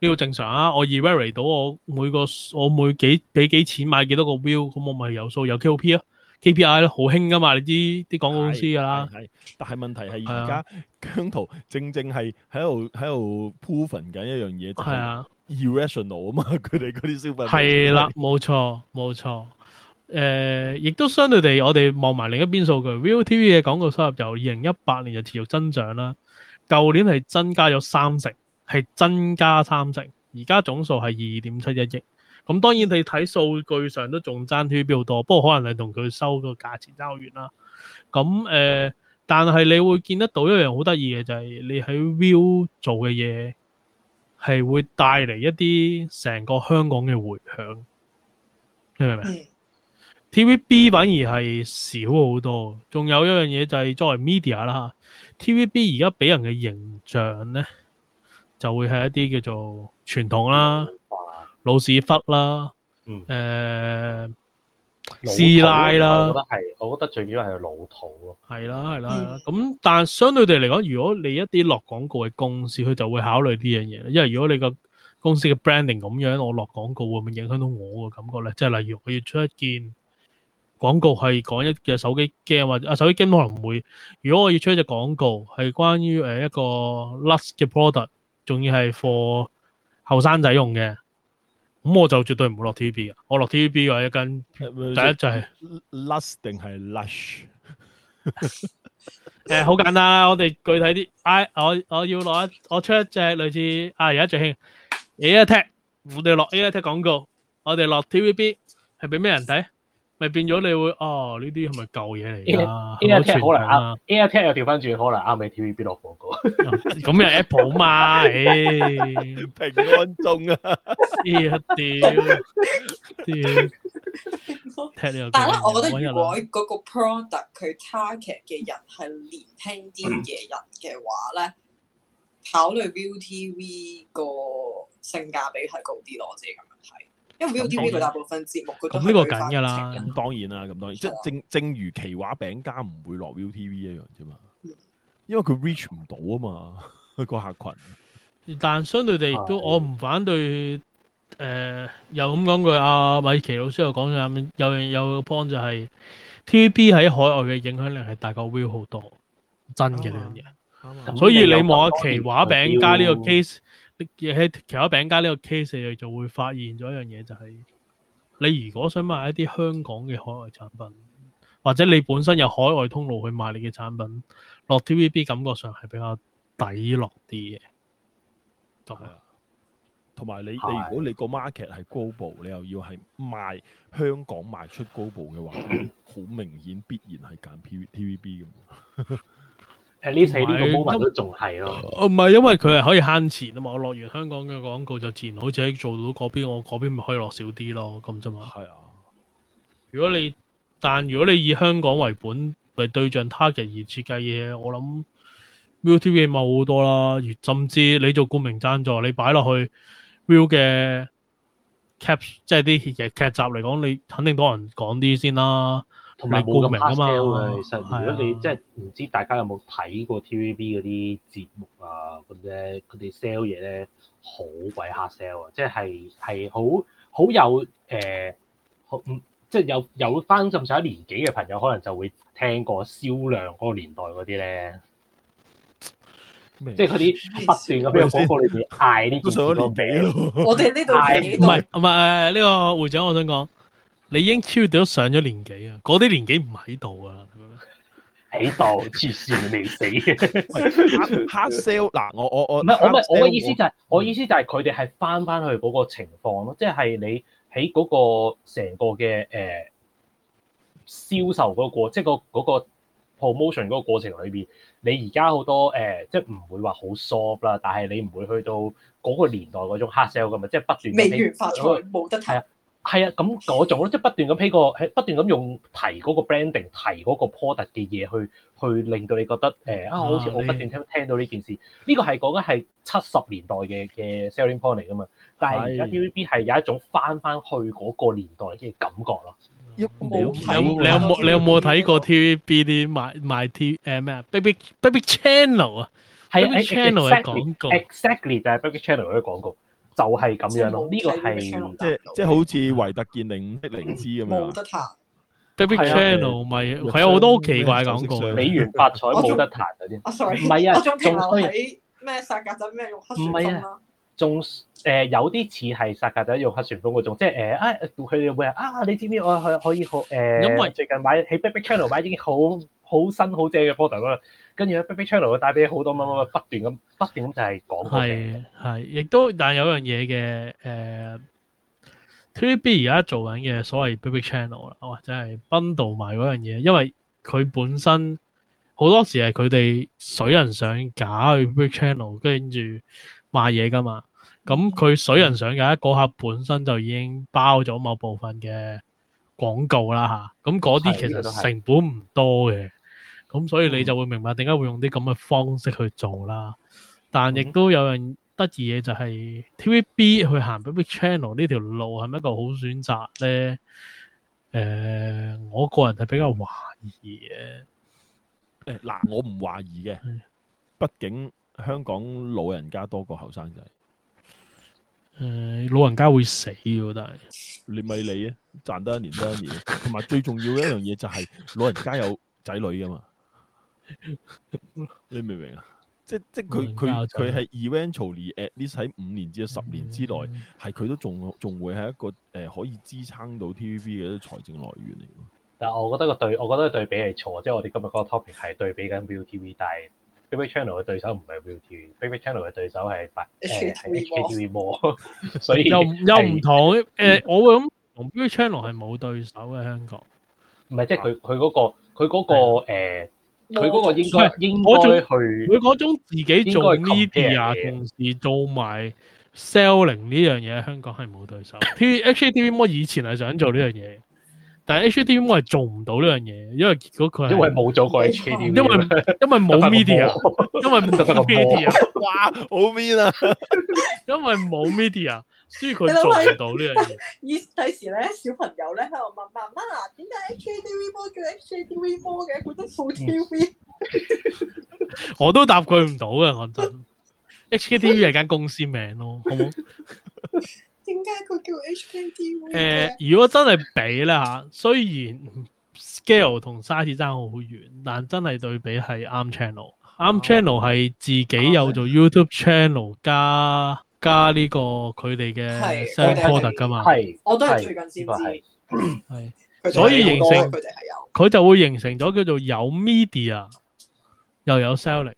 呢個正常啊。我以 verify 到我每個我每幾俾幾，幾錢買幾多個 view，咁我咪有數有 KOP 啊 KPI 咯、啊，好興噶嘛？你啲啲廣告公司噶啦，但係問題係而家姜濤正正係喺度喺度 proven 緊一樣嘢、就是，就係。irrational 啊嘛，佢哋嗰啲消費係啦，冇錯冇錯，誒，亦、呃、都相對地，我哋望埋另一邊數據 ViuTV 嘅廣告收入由二零一八年就持續增長啦，舊年係增加咗三成，係增加三成，而家總數係二點七一億，咁當然你睇數據上都仲爭唔知邊多，不過可能係同佢收個價錢爭好遠啦，咁誒、呃，但係你會見得到一樣好得意嘅就係、是、你喺 Viu 做嘅嘢。係會帶嚟一啲成個香港嘅回響，你明唔明啊？TVB 反而係少好多，仲有一樣嘢就係作為 media 啦，TVB 而家俾人嘅形象呢，就會係一啲叫做傳統啦、mm hmm. 老屎忽啦、誒、呃。Mm hmm. 師奶啦，我覺得係，我覺得最主要係老土咯。係啦，係啦。咁但係相對地嚟講，如果你一啲落廣告嘅公司，佢就會考慮呢樣嘢。因為如果你個公司嘅 branding 咁樣，我落廣告會唔會影響到我嘅感覺咧？即係例如，我要出一件廣告係講一隻手機 game，或者啊手機 game 都可能唔會。如果我要出一隻廣告係關於誒一個 lust 嘅 product，仲要係 for 後生仔用嘅。嗯、我就絕對唔會落 T.V.B.，我落 T.V.B. 嘅話，一間，第一就係 Lust 定係 Lush。好簡單，我哋具體啲，I 我我要落一，我出一隻類似啊，而家最興 A.I.T.，我哋落 A.I.T. 廣告，我哋落 T.V.B. 係俾咩人睇？變咗你會哦呢啲係咪舊嘢嚟？AirT 又調翻轉，可能啱美 TVB 落廣告，咁又 Apple 嘛？欸、 [laughs] 平安鐘啊， [laughs] 啊！哎呀屌！但係咧，我覺得改嗰個 product 佢 target 嘅人係年輕啲嘅人嘅話咧，嗯、考慮 ViuTV 個性價比係高啲咯，即係咁。ViuTV 嘅大部分節目，咁呢個梗㗎啦，咁當然啦，咁當然，即係的正正如奇華餅家唔會落 ViuTV 一樣啫的嘛，因為佢 reach 唔到啊嘛，個客群。但相對地亦的都，我唔反對誒，又咁講句阿米奇老師又講咗，有有 point 就係、是、TVB 喺海外嘅影響力係大過 Viu 好多，真嘅呢樣嘢。所以你望下奇華餅家呢個 case。喺其他餅家呢個 case，就會發現咗一樣嘢、就係，就係你如果想賣一啲香港嘅海外產品，或者你本身有海外通路去賣你嘅產品，落 TVB 感覺上係比較抵落啲嘅。同埋吧，同埋你你如果你個 market 係高部，你又要係賣香港賣出高部嘅話，好明顯必然係揀 TVB 咁。 [laughs] 係呢四啲鋪位都仲係咯，哦，唔係因為佢係可以慳錢啊嘛，我落完香港嘅廣告就自然好似喺做到嗰邊，我嗰邊咪可以落少啲咯，咁啫嘛。係啊，如果你但如果你以香港為本嚟對象 target 而設計嘢，我諗 ViuTV 嘅冇好多啦，甚至你做冠名贊助，你擺落去 Viu 嘅 caps，即係啲劇劇集嚟講，你肯定多人講啲先啦。同埋冇咁 h a r 其實如果你即係唔知大家有冇睇過 TVB 嗰啲節目啊，或者佢哋 sell 嘢咧，好鬼 h sell 啊！即係係好好有誒，好、欸、唔即係有有翻咁上下年紀嘅朋友，可能就會聽過銷量嗰個年代嗰啲咧，麼即係嗰啲不斷咁喺廣告裏邊嗌呢件事咯。麼我哋呢度唔係唔係呢個會長，我想講。你已經超咗上咗年紀，年紀啊！嗰啲年紀唔喺度啊，喺度黐線未死嘅。 [laughs] [laughs] 黑黑 sell 嗱，我我不售我唔係我咪我嘅意思就係、是，嗯、我意思就係佢哋係翻翻去嗰個情況咯、就是呃那個，即係你喺嗰個成個嘅誒銷售嗰個即係嗰嗰 promotion 嗰個過程裏邊，你而家好多誒、呃，即係唔會話好 soft 啦，但係你唔會去到嗰個年代嗰種黑 sell 㗎嘛，即、就、係、是、不斷未完發財冇得睇。你係啊，咁嗰種咯，即係、那個就是、不斷咁批過，係不斷咁用提嗰個 branding、提嗰個 product 嘅嘢去，去令到你覺得誒、呃、 [noise] 啊，好似、喔、我不斷聽、啊、聽到呢件事，呢、這個係講緊係七十年代嘅嘅 selling point 嚟㗎嘛。但係而家 TVB 係有一種翻返去嗰個年代嘅感覺咯、哎。你有冇你有冇你有冇睇過 TVB 啲賣賣 T 誒咩啊？Baby Baby Channel 啊，係啲 channel 嘅廣告。Exactly, exactly 就係 Baby Channel 嘅廣告。就係咁樣咯，呢個係即即好似維特健靈的靈芝咁樣，冇得彈。Big Channel 咪係有好多奇怪嘅廣告，美元發彩冇得彈嗰啲。唔係啊，我仲睇咩殺格仔咩用黑旋風啊？仲誒有啲似係殺格仔用黑旋風嗰種，即誒啊！佢哋話啊，你知唔知我可可以好，誒？因為最近買喺 Big Big Channel 買啲好。好新好正嘅 poster 啦，跟住咧 big big channel 會帶俾你好多乜乜乜，不斷咁不斷咁，就係講佢哋係亦都，但係有樣嘢嘅誒，TVB 而家做緊嘅所謂 big big channel 啦，或者係 bundle 埋嗰樣嘢，因為佢本身好多時係佢哋水人上架去 big big channel，跟住賣嘢㗎嘛，咁佢水人上架嗰刻本身就已經包咗某部分嘅廣告啦嚇，咁嗰啲其實成本唔多嘅。咁、嗯、所以你就會明白點解會用啲咁嘅方式去做啦，但亦都有人得意嘅就係、是嗯、TVB 去行 Big Channel 呢條路係咪一個好選擇咧？誒、呃，我個人係比較懷疑嘅。誒、欸，嗱，我唔懷疑嘅，是畢竟香港老人家多過後生仔。誒、呃，老人家會死喎，你咪理啊，賺得一年多一年，同埋 [laughs] 最重要一樣嘢就係老人家有仔女噶嘛。你明唔明啊？即係即係佢佢佢係 eventually at least 喺五年至啊十年之內，係佢都仲仲會係一個誒可以支撐到 TVB 嘅一個財政來源嚟。但係我覺得個對，我覺得對比係錯。即係我哋今日嗰個 topic 係對比緊 ViuTV，但係 Viu Channel 嘅對手唔係 ViuTV，Viu Channel 嘅對手係百誒 HKTVB，所以又又唔同。誒，我會咁，Viu Channel 係冇對手嘅香港，唔係即係佢佢嗰個佢個誒。佢嗰個應該，我仲去佢嗰種，種自己做 media，同時做埋 selling 呢樣嘢，香港係冇對手。 [laughs] H A T V 我以前係想做呢樣嘢，但係 H A T V 摩係做唔到呢樣嘢，因為結果佢因為冇做過 h e d 因為因為冇 media，因為冇 media，哇，好 mean 啊，因為冇 media。所 [laughs] 以佢做唔到呢樣。而第時咧，小朋友咧喺度問媽媽：點解 HKTV 播叫 HKTV 播嘅？佢都冇 TV [laughs] 。 [laughs] 我都答佢唔到嘅，講真。HKTV 係間公司名咯，好冇？好？點解佢叫 HKTV？誒、呃，如果真係比咧吓，雖然 scale 同 size 爭好遠，但真係對比係啱 channel。啱 channel 係自己有做 YouTube channel 加。加呢個佢哋嘅 product 㗎嘛，我都係最近先知，係，所以形成佢就會形成咗叫做有 media 又有 selling，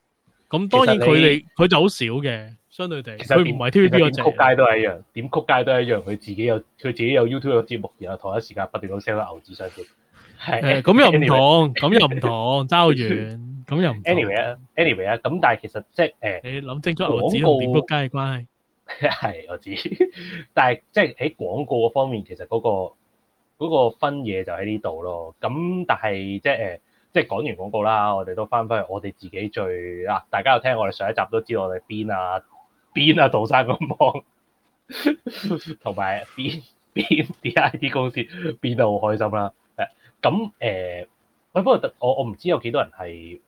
咁當然佢哋佢就好少嘅相對地，佢唔係 YouTube 個正，點曲街都係一樣，點曲街都係一樣，佢自己有佢自己有 YouTube 個節目，然後同一時間不斷咁 sell 佢牛仔相關，係，咁又唔同，咁又唔同，爭好遠，咁又唔，anyway 啊，anyway 啊，咁但係其實即係誒，你諗清楚牛仔同點曲街嘅關係？係， [laughs] 我知， [laughs] 但係即係喺廣告方面，其實嗰個個分嘢就喺呢度咯。咁但係即係誒，即係講完廣告啦，我哋都翻翻去我哋自己最嗱、啊，大家有聽我哋上一集都知道我哋邊啊邊啊杜、啊、生咁網， [laughs] 同埋邊邊 DID 公司變得好開心啦。咁 [laughs] 誒、嗯欸，不過我我唔知有幾多人係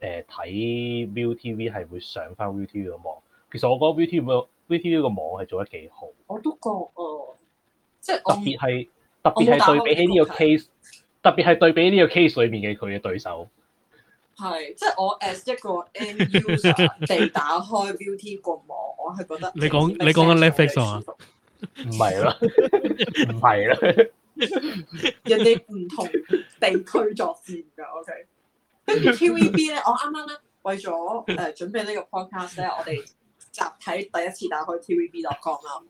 誒睇、欸、ViuTV 係會上翻 ViuTV 嘅網。其實我覺得 ViuTV。ViuTV 個網係做得幾好，我都覺誒、啊，即係特別係特別係對比起呢個 case，特別係對比起呢個 case 裏面嘅佢嘅對手，係即係我 as 一個 end user 地 [laughs] 打開 ViuTV 個網，我係覺得你講你講緊 Netflix 啊？唔係啦，唔係啦，人哋唔同地區作戰㗎。OK，跟住 TVB 咧，我啱啱咧為咗誒、呃、準備個呢個 podcast 咧，我哋。集體第一次打開 TVB 落降 m 啦，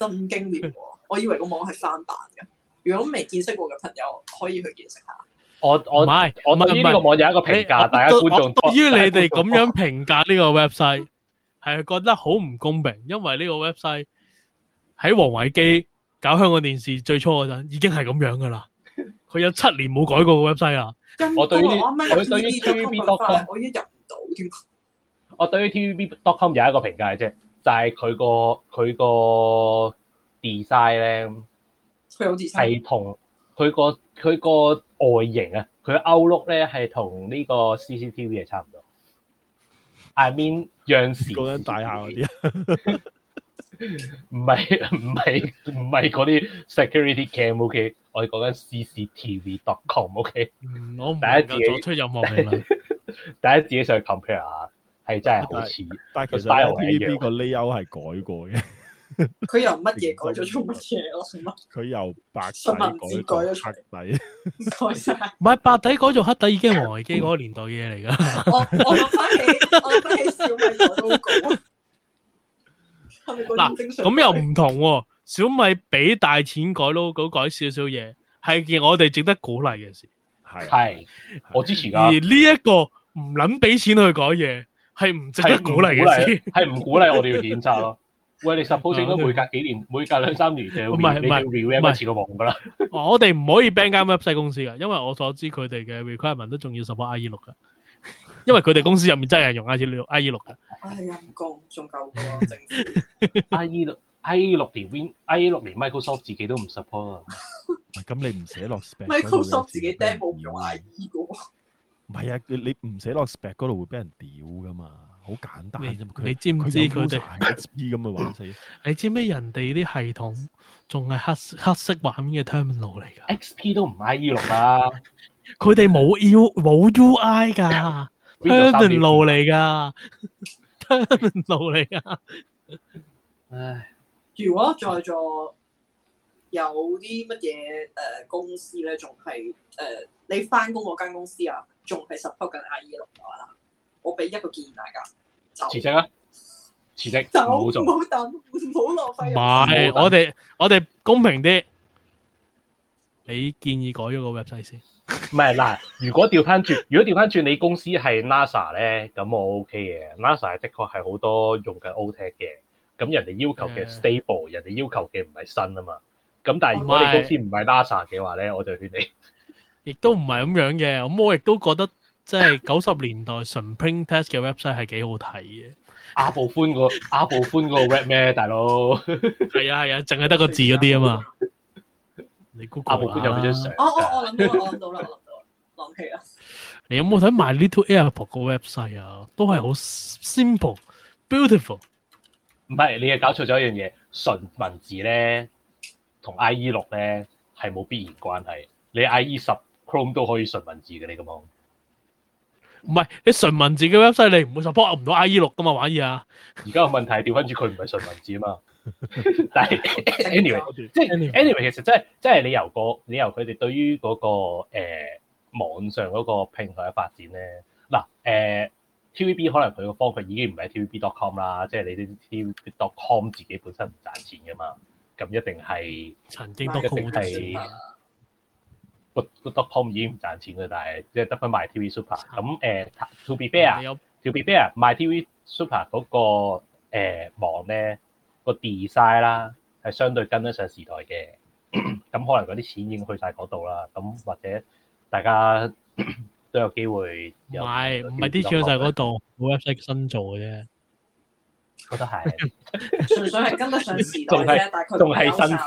震驚面喎！我以為個網係翻版嘅。如果未見識過嘅朋友，可以去見識下。我我唔係，我唔呢個網有一個評價，是大家觀眾對於你哋咁樣評價呢個 website，係 [laughs] 覺得好唔公平，因為呢個 website 喺王維基搞香港電視最初嗰陣已經係咁樣噶啦。佢有七年冇改過個 website 啦。多我對於佢對於呢邊多，我已經入唔到添。 [laughs] 我對於 TVB.com 有一個評價啫，就係佢個佢個 design 咧，佢有 design 係同佢個佢個外形啊，佢 outlook 咧係同呢個 CCTV 係差唔多。I mean，央視嗰間大廈嗰啲唔係唔係唔係嗰啲 security cam，OK？我哋講緊 CCTV.com，OK？我唔第一次己左推右望啦，第一 [laughs] 自己上去 compare 下。係真係好似，但係其實 P 有 P P 個 layout 係改過嘅。佢由乜嘢改咗做乜嘢咯？佢由白底改咗黑底。唔該晒。唔係白底改做黑底，已經王維基嗰個年代嘅嘢嚟噶。我我諗翻起，我諗翻起小米做過。嗱咁 [laughs] 又唔同喎、啊。小米俾大錢改 logo，改少少嘢，係件我哋值得鼓勵嘅事。係是是我支持、啊、而呢、這、一個唔諗俾錢去改嘢。係唔值得鼓勵？鼓勵係唔鼓勵，我哋要檢測咯？喂，你 support 應該每隔幾年、每隔兩三年就要，唔係唔係 rebrand 一次個王噶啦？我哋唔可以 ban 間 website 公司噶，因為我所知佢哋嘅 requirement 都仲要 support I E 六噶，因為佢哋公司入面真係用 I E 六、I E 六噶。我係唔夠，仲夠多。I E 六、I E 六條 Win，I E 六連 Microsoft 自己都唔 support。咁你唔寫落？Microsoft 自己 desktop 唔用 I E 噶喎。唔係啊！你唔寫落 spec 嗰度會俾人屌噶嘛，好簡單啫。你知唔它知佢哋 XP 咁嘅玩死？你知唔知人哋啲系統仲係黑 [laughs] 黑色畫面嘅 terminal 嚟㗎？XP 都唔係 E 六啊，佢哋冇 U 冇 UI 㗎，terminal 嚟㗎，terminal 嚟㗎。唉， [laughs] 如 [laughs] [laughs] 果在座。有啲乜嘢誒公司咧，仲係誒你翻工嗰間公司啊，仲係 support 緊 IE 6嘅話啦，我俾一個建議大家辭職啊！辭職，唔好做，唔好等，唔好浪費。唔係， [laughs] 我哋我哋公平啲，你建議改咗個 website 先。唔係嗱，如果調翻轉，如果調翻轉，你公司係 NASA 咧，咁我 OK 嘅。NASA 的確係好多用緊 old tech 嘅，咁人哋要求嘅 stable，Yeah. 人哋要求嘅唔係新啊嘛。咁但係如果你公司唔係 NASA 嘅話咧，我就勸你，亦都唔係咁樣嘅。我亦都覺得即係九十年代純 print test 嘅 website 係幾好睇嘅。阿布寬個阿布寬個 rap 咩？大佬係啊係啊，淨係得個字嗰啲啊嘛。你 Google 下啦。哦哦，我諗到啦，我諗到啦，我諗到起啦。 [laughs] 你有冇睇埋 Little Airport 個 website 啊？都係好 simple、beautiful。唔係，你係搞錯咗一樣嘢，純文字咧。同 IE 六咧係冇必然關係，你 IE 十 Chrome 都可以純文字嘅你個網，唔係你純文字嘅話犀利，唔會 support 唔到 IE 六噶嘛，玩嘢啊！而家個問題係調翻轉佢唔係純文字啊嘛，但係 anyway 即係 anyway [laughs] 其實即係即係你由個你由佢哋對於嗰、那個誒、呃、網上嗰個平台嘅發展咧嗱誒、呃呃、TVB 可能佢嘅方法已經唔係 TVB.com 啦，即、就、係、是、你啲 TVB.com 自己本身唔賺錢噶嘛。咁一定係曾經都好勁嘅 goodcom 已經唔賺錢嘅，但係即係得翻賣 TV super。咁誒，to be fair，to be fair，賣 TV super 嗰個誒網咧個 design 啦，係相對跟得上時代嘅。咁可能嗰啲錢已經去晒嗰度啦。咁或者大家都有機會買，唔係唔係啲錢去晒嗰度 w h a t 新做嘅啫。覺得係純粹係跟得上時代，仲係 [laughs] 新市。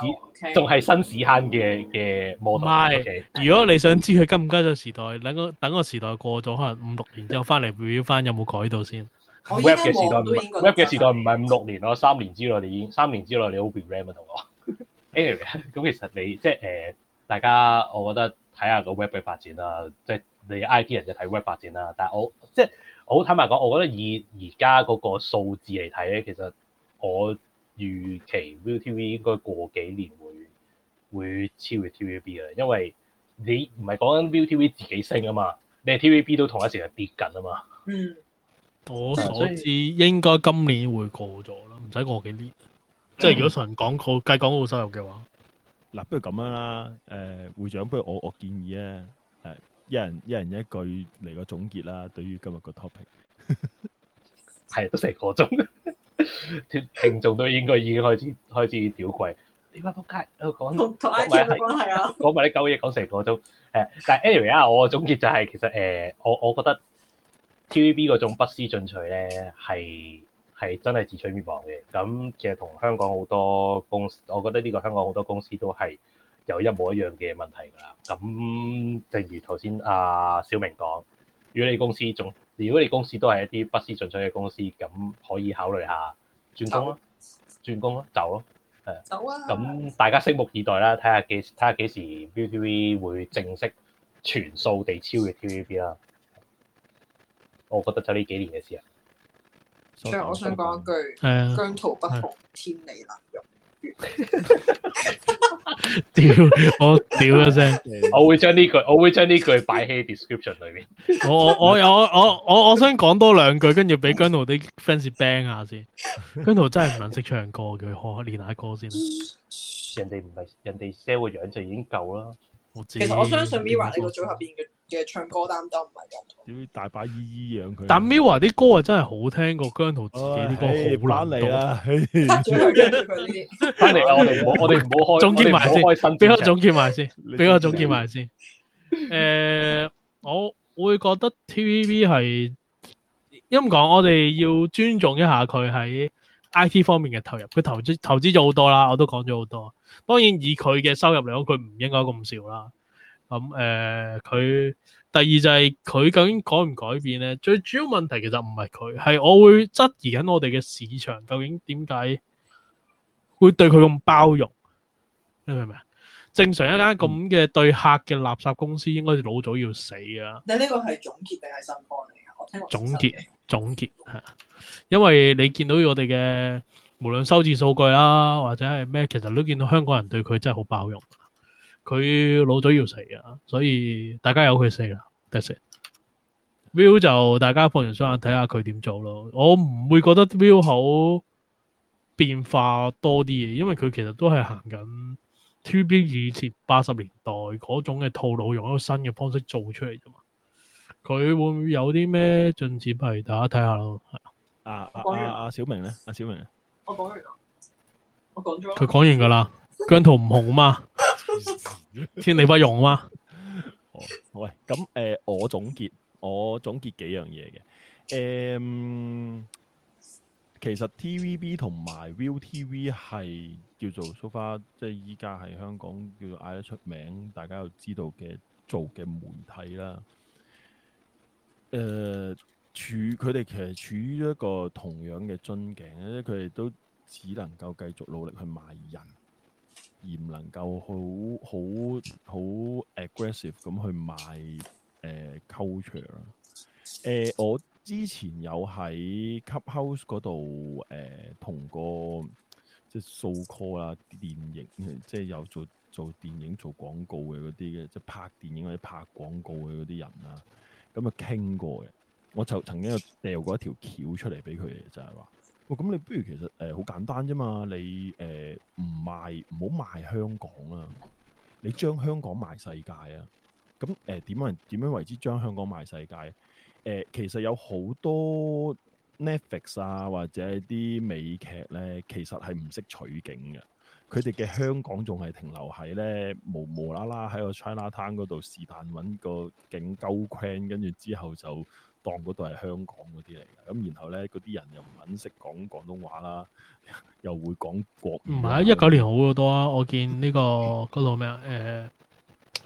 仲係 Okay? 新市限嘅嘅 model。如果你想知佢跟唔跟上時代，等個等個時代過咗可能五六年之後翻嚟 review 翻有冇改到先。 [laughs] web 嘅時代唔，Web 嘅時代唔係五六年咯，三年之內你已經三年之內你好變 brand 喎。anyway，咁其實你即係誒，大家我覺得睇下個 web 嘅發展啦，就是，即係你 IT 人就睇 web 發展啦。但係我即係。好坦白講，我覺得以而家嗰個數字嚟睇咧，其實我預期 ViuTV 應該過幾年會會超越 TVB 嘅，因為你唔係講緊 ViuTV 自己升啊嘛，你係 TVB 都同一時間跌緊啊嘛。嗯，我所知應該今年會過咗啦，唔使過幾年。嗯、即係如果純講個計廣告收入嘅話，嗱，不如咁樣啦，誒、呃、會長，不如我我建議啊。一人一人一句嚟個總結啦，對於今日 [laughs] 個 topic，係都成個鐘，聽眾都應該已經開始開始屌貴。你話扑街，我講係啊，講埋啲狗嘢，講成個鐘。誒，但係 Anyway 啊，我總結就係、是、其實誒、呃，我我覺得 TVB 嗰種不思進取咧，係係真係自取滅亡嘅。咁其實同香港好多公司，我覺得呢個香港好多公司都係。有一模一樣嘅問題㗎啦。咁正如頭先阿小明講，如果你公司仲，如果你公司都係一啲不思進取嘅公司，咁可以考慮下轉工咯，轉工咯走，走咯。走啊！咁大家拭目以待啦，睇下幾睇下幾時，時 ViuTV 會正式全數地超越 TVB 啦。我覺得就呢幾年嘅事啊。所以我想講一句：姜濤的不服，天理啦。屌， [laughs] 我屌一聲， [laughs] 我會將呢句，我會將呢句擺喺 description 裏面。 [laughs] 我我有我我我，我想講多兩句，跟住俾姜濤啲 fans bang 下先。姜濤 [laughs] 真係唔能識唱歌嘅，可練下歌先。人哋唔係人哋 sell 個樣就已經夠啦。我知其實我相信 Mirror 呢個組合邊嘅。嘅唱歌擔當唔係咁，點解大把姨姨養佢。但 Mirror 啲歌啊，真係好聽過姜濤自己啲歌，好難聽。翻嚟啦，翻嚟啦，我哋唔好，我哋唔好開。總結埋先，俾我總結埋先，俾我總結埋先。誒，我會覺得 TVB 係，因為講我哋要尊重一下佢喺 IT 方面嘅投入，佢投資投資咗好多啦，我都講咗好多。當然以佢嘅收入嚟講，佢唔應該咁少啦。咁誒，佢、嗯呃、第二就係佢究竟改唔改變咧？最主要問題其實唔係佢，係我會質疑緊我哋嘅市場究竟點解會對佢咁包容？你明唔明啊？正常一間咁嘅對客嘅垃圾公司，應該老早要死㗎、嗯。但呢個係總結定係新波嚟噶？我聽我總結總結係，因為你見到我哋嘅無論收字數據啦、啊，或者係咩，其實都見到香港人對佢真係好包容。佢老咗要死啊！所以大家有佢死啊。得食。view 就大家放完雙眼睇下佢點做咯。我唔會覺得 view 好變化多啲嘢，因為佢其實都係行緊 TV 以前八十年代嗰種嘅套路，用一個新嘅方式做出嚟啫嘛。佢會唔會有啲咩進展係大家睇下咯。係啊，阿阿、啊啊啊、小明咧，阿、啊、小明我，我講完啦，我講咗。佢講完噶啦，姜濤唔紅嘛？天理不容嘛，啊？ [laughs] 好喂，咁誒、呃，我總結，我總結幾樣嘢嘅。誒、呃，其實 TVB 同埋 ViuTV 係叫做 so far，即係依家喺香港叫做嗌得出名，大家又知道嘅做嘅媒體啦。誒、呃，處佢哋其實處於一個同樣嘅樽頸，即佢哋都只能夠繼續努力去賣人，.而唔能夠好好好 aggressive 咁去賣誒、呃、culture 啦。誒、呃，我之前有喺 club house 嗰度誒同個即係數 call 啦、電影即係有做做電影、做廣告嘅嗰啲嘅，即係拍電影或者拍廣告嘅嗰啲人啊，咁啊傾過嘅，我就曾經有掉過一條橋出嚟俾佢哋，就係話。哇！咁、哦、你不如其實誒好、呃、簡單啫嘛，你誒唔、呃、賣唔好賣香港啊。你將香港賣世界啊！咁誒點樣點樣為之將香港賣世界？誒、呃、其實有好多 Netflix 啊或者啲美劇咧，其實係唔識取景嘅，佢哋嘅香港仲係停留喺咧無無啦啦喺個 China Town 嗰度是但揾個景勾 Queen，跟住之後就。當嗰度係香港嗰啲嚟嘅，咁然後咧嗰啲人又唔肯識講廣東話啦，又會講國語。唔係啊！一九年好好多啊！我見呢、這個嗰度咩啊？誒、 [laughs] 呃《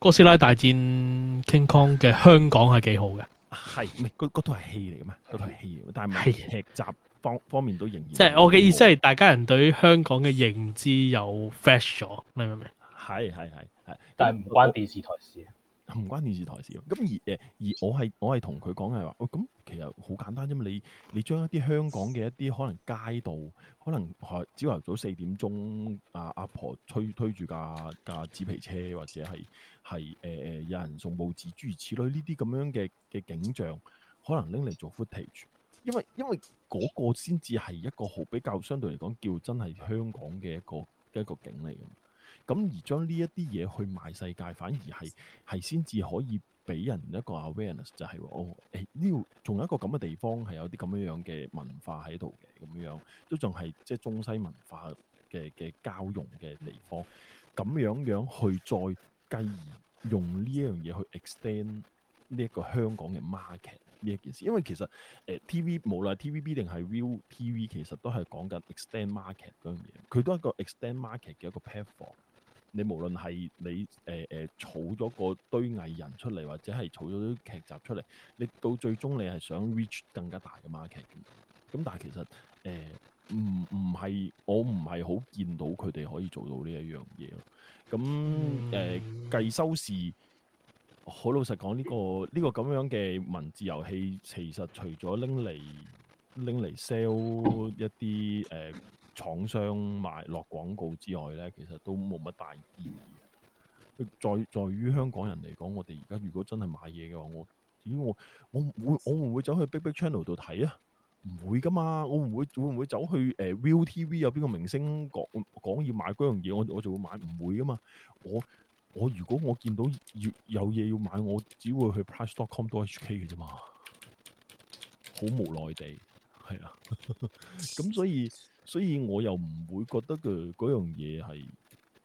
哥斯拉大戰 King Kong》嘅香港係幾好嘅。係，唔係嗰套係戲嚟嘅嘛，嗰套係戲，但係劇集方方面都仍然。即係我嘅意思係，大家人對香港嘅認知有 fresh 咗， [laughs] 明唔明？係係係係，但係唔關電視台事。唔關電視台事，咁而誒，而我係我係同佢講係話，哦，咁其實好簡單啫嘛。你你將一啲香港嘅一啲可能街道，可能係朝頭早四點鐘，阿、啊、阿婆推推住架架紙皮車，或者係係誒誒有人送報紙、諸如此類呢啲咁樣嘅嘅景象，可能拎嚟做 footage，因為因為嗰個先至係一個好比較相對嚟講叫真係香港嘅一個一個景嚟。咁而將呢一啲嘢去賣世界，反而係係先至可以俾人一個 awareness，就係、是、哦誒呢度仲有一個咁嘅地方係有啲咁樣樣嘅文化喺度嘅咁樣樣，都仲係即係中西文化嘅嘅交融嘅地方，咁樣，樣樣去再繼而用呢一樣嘢去 extend 呢一個香港嘅 market 呢一件事，因為其實誒、呃、T.V. 無論，T.V.B. 定係 ViuTV 其實都係講緊 extend market 嗰樣嘢，佢都係一個 extend market 嘅一個 platform。你無論係你誒誒、呃呃，儲咗個堆藝人出嚟，或者係儲咗啲劇集出嚟，你到最終你係想 reach 更加大嘅 market。咁但係其實誒，唔唔係我唔係好見到佢哋可以做到呢一樣嘢咯。咁誒計收視，好老實講，呢、呢個呢、呢個咁樣嘅文字遊戲，其實除咗拎嚟拎嚟 sell 一啲誒。呃廠商賣落廣告之外咧，其實都冇乜大意義。在在於香港人嚟講，我哋而家如果真係買嘢嘅話，我咦我我，我會我唔會走去 Big Big Channel 度睇啊？唔會噶嘛。我唔會會唔會走去誒 View TV 有邊個明星講講要買嗰樣嘢，我我就會買，唔會噶嘛。我我如果我見到要有嘢要買，我只會去 Price.com.hk 嘅啫嘛。好無奈地係啊，咁 [laughs] 所以。所以我又唔會覺得佢嗰樣嘢係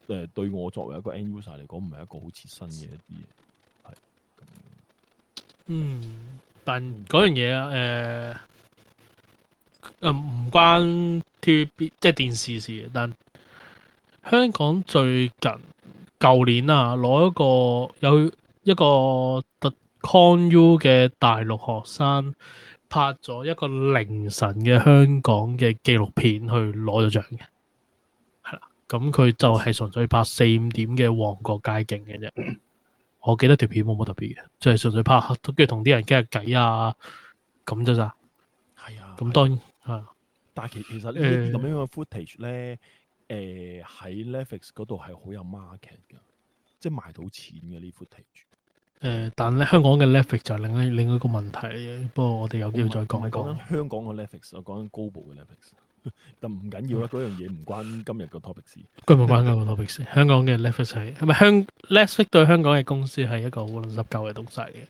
誒對我作為一個 NUS 嚟講，唔係一個好切身嘅一啲嘢，係。嗯，但嗰樣嘢啊，誒、呃，誒、呃、唔、呃、關 TVB 即係電視事，但香港最近舊年啊，攞一個有一個特抗 U 嘅大陸學生。拍咗一個凌晨嘅香港嘅紀錄片去攞咗獎嘅，係啦，咁佢就係純粹拍四五點嘅旺角街景嘅啫。我記得條片冇乜特別嘅，就係、係、純粹拍跟住同啲人傾下偈啊，咁啫咋？係啊的，咁當然嚇。但係其其實呢啲咁樣嘅 footage 咧，誒喺 Netflix 嗰度係好有 market 嘅，即係賣到錢嘅呢 footage。誒，但咧香港嘅 Netflix 就係另一另一個問題。不過我哋有機會再講一講。講香港嘅 Netflix，我講 Net flix，緊 global 嘅 Netflix，就唔緊要啦。嗰樣嘢唔關今日嘅 topics 佢冇是關嘅個 topics 香港嘅 Netflix 係，係咪香 Netflix 對香港嘅公司係一個好老舊嘅東西？嘅。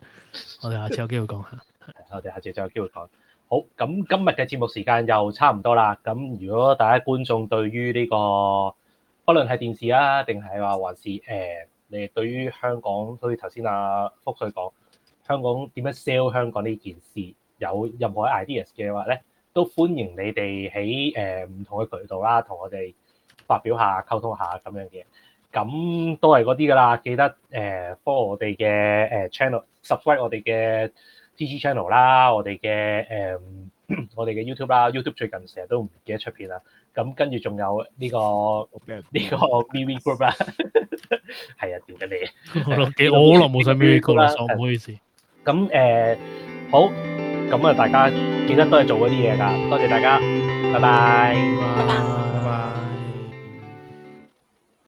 我哋下次有機會講下。 [laughs] 我哋下次再有機會講。好，咁今日嘅節目時間又差唔多啦。咁如果大家觀眾對於呢、這個，不論係電視啊，定係話還是誒。呃你哋對於香港，好似頭先阿福佢講，香港點樣 sell 香港呢件事，有任何 ideas 嘅話咧，都歡迎你哋喺誒唔同嘅渠道啦，同我哋發表下、溝通下咁樣嘅。咁都係嗰啲㗎啦，記得 follow 我哋嘅誒 channel, subscribe 我哋嘅 TG channel 啦，我哋嘅誒我哋嘅 YouTube 啦，YouTube 最近成日都唔記得出片啊～咁跟住仲有呢個呢個 MV Group 啦，係啊，點解你？我好耐冇上 MV Group 啦，我唔好意思。咁誒好，咁啊大家記得都係做嗰啲嘢㗎，多謝大家，拜拜，拜拜，拜拜。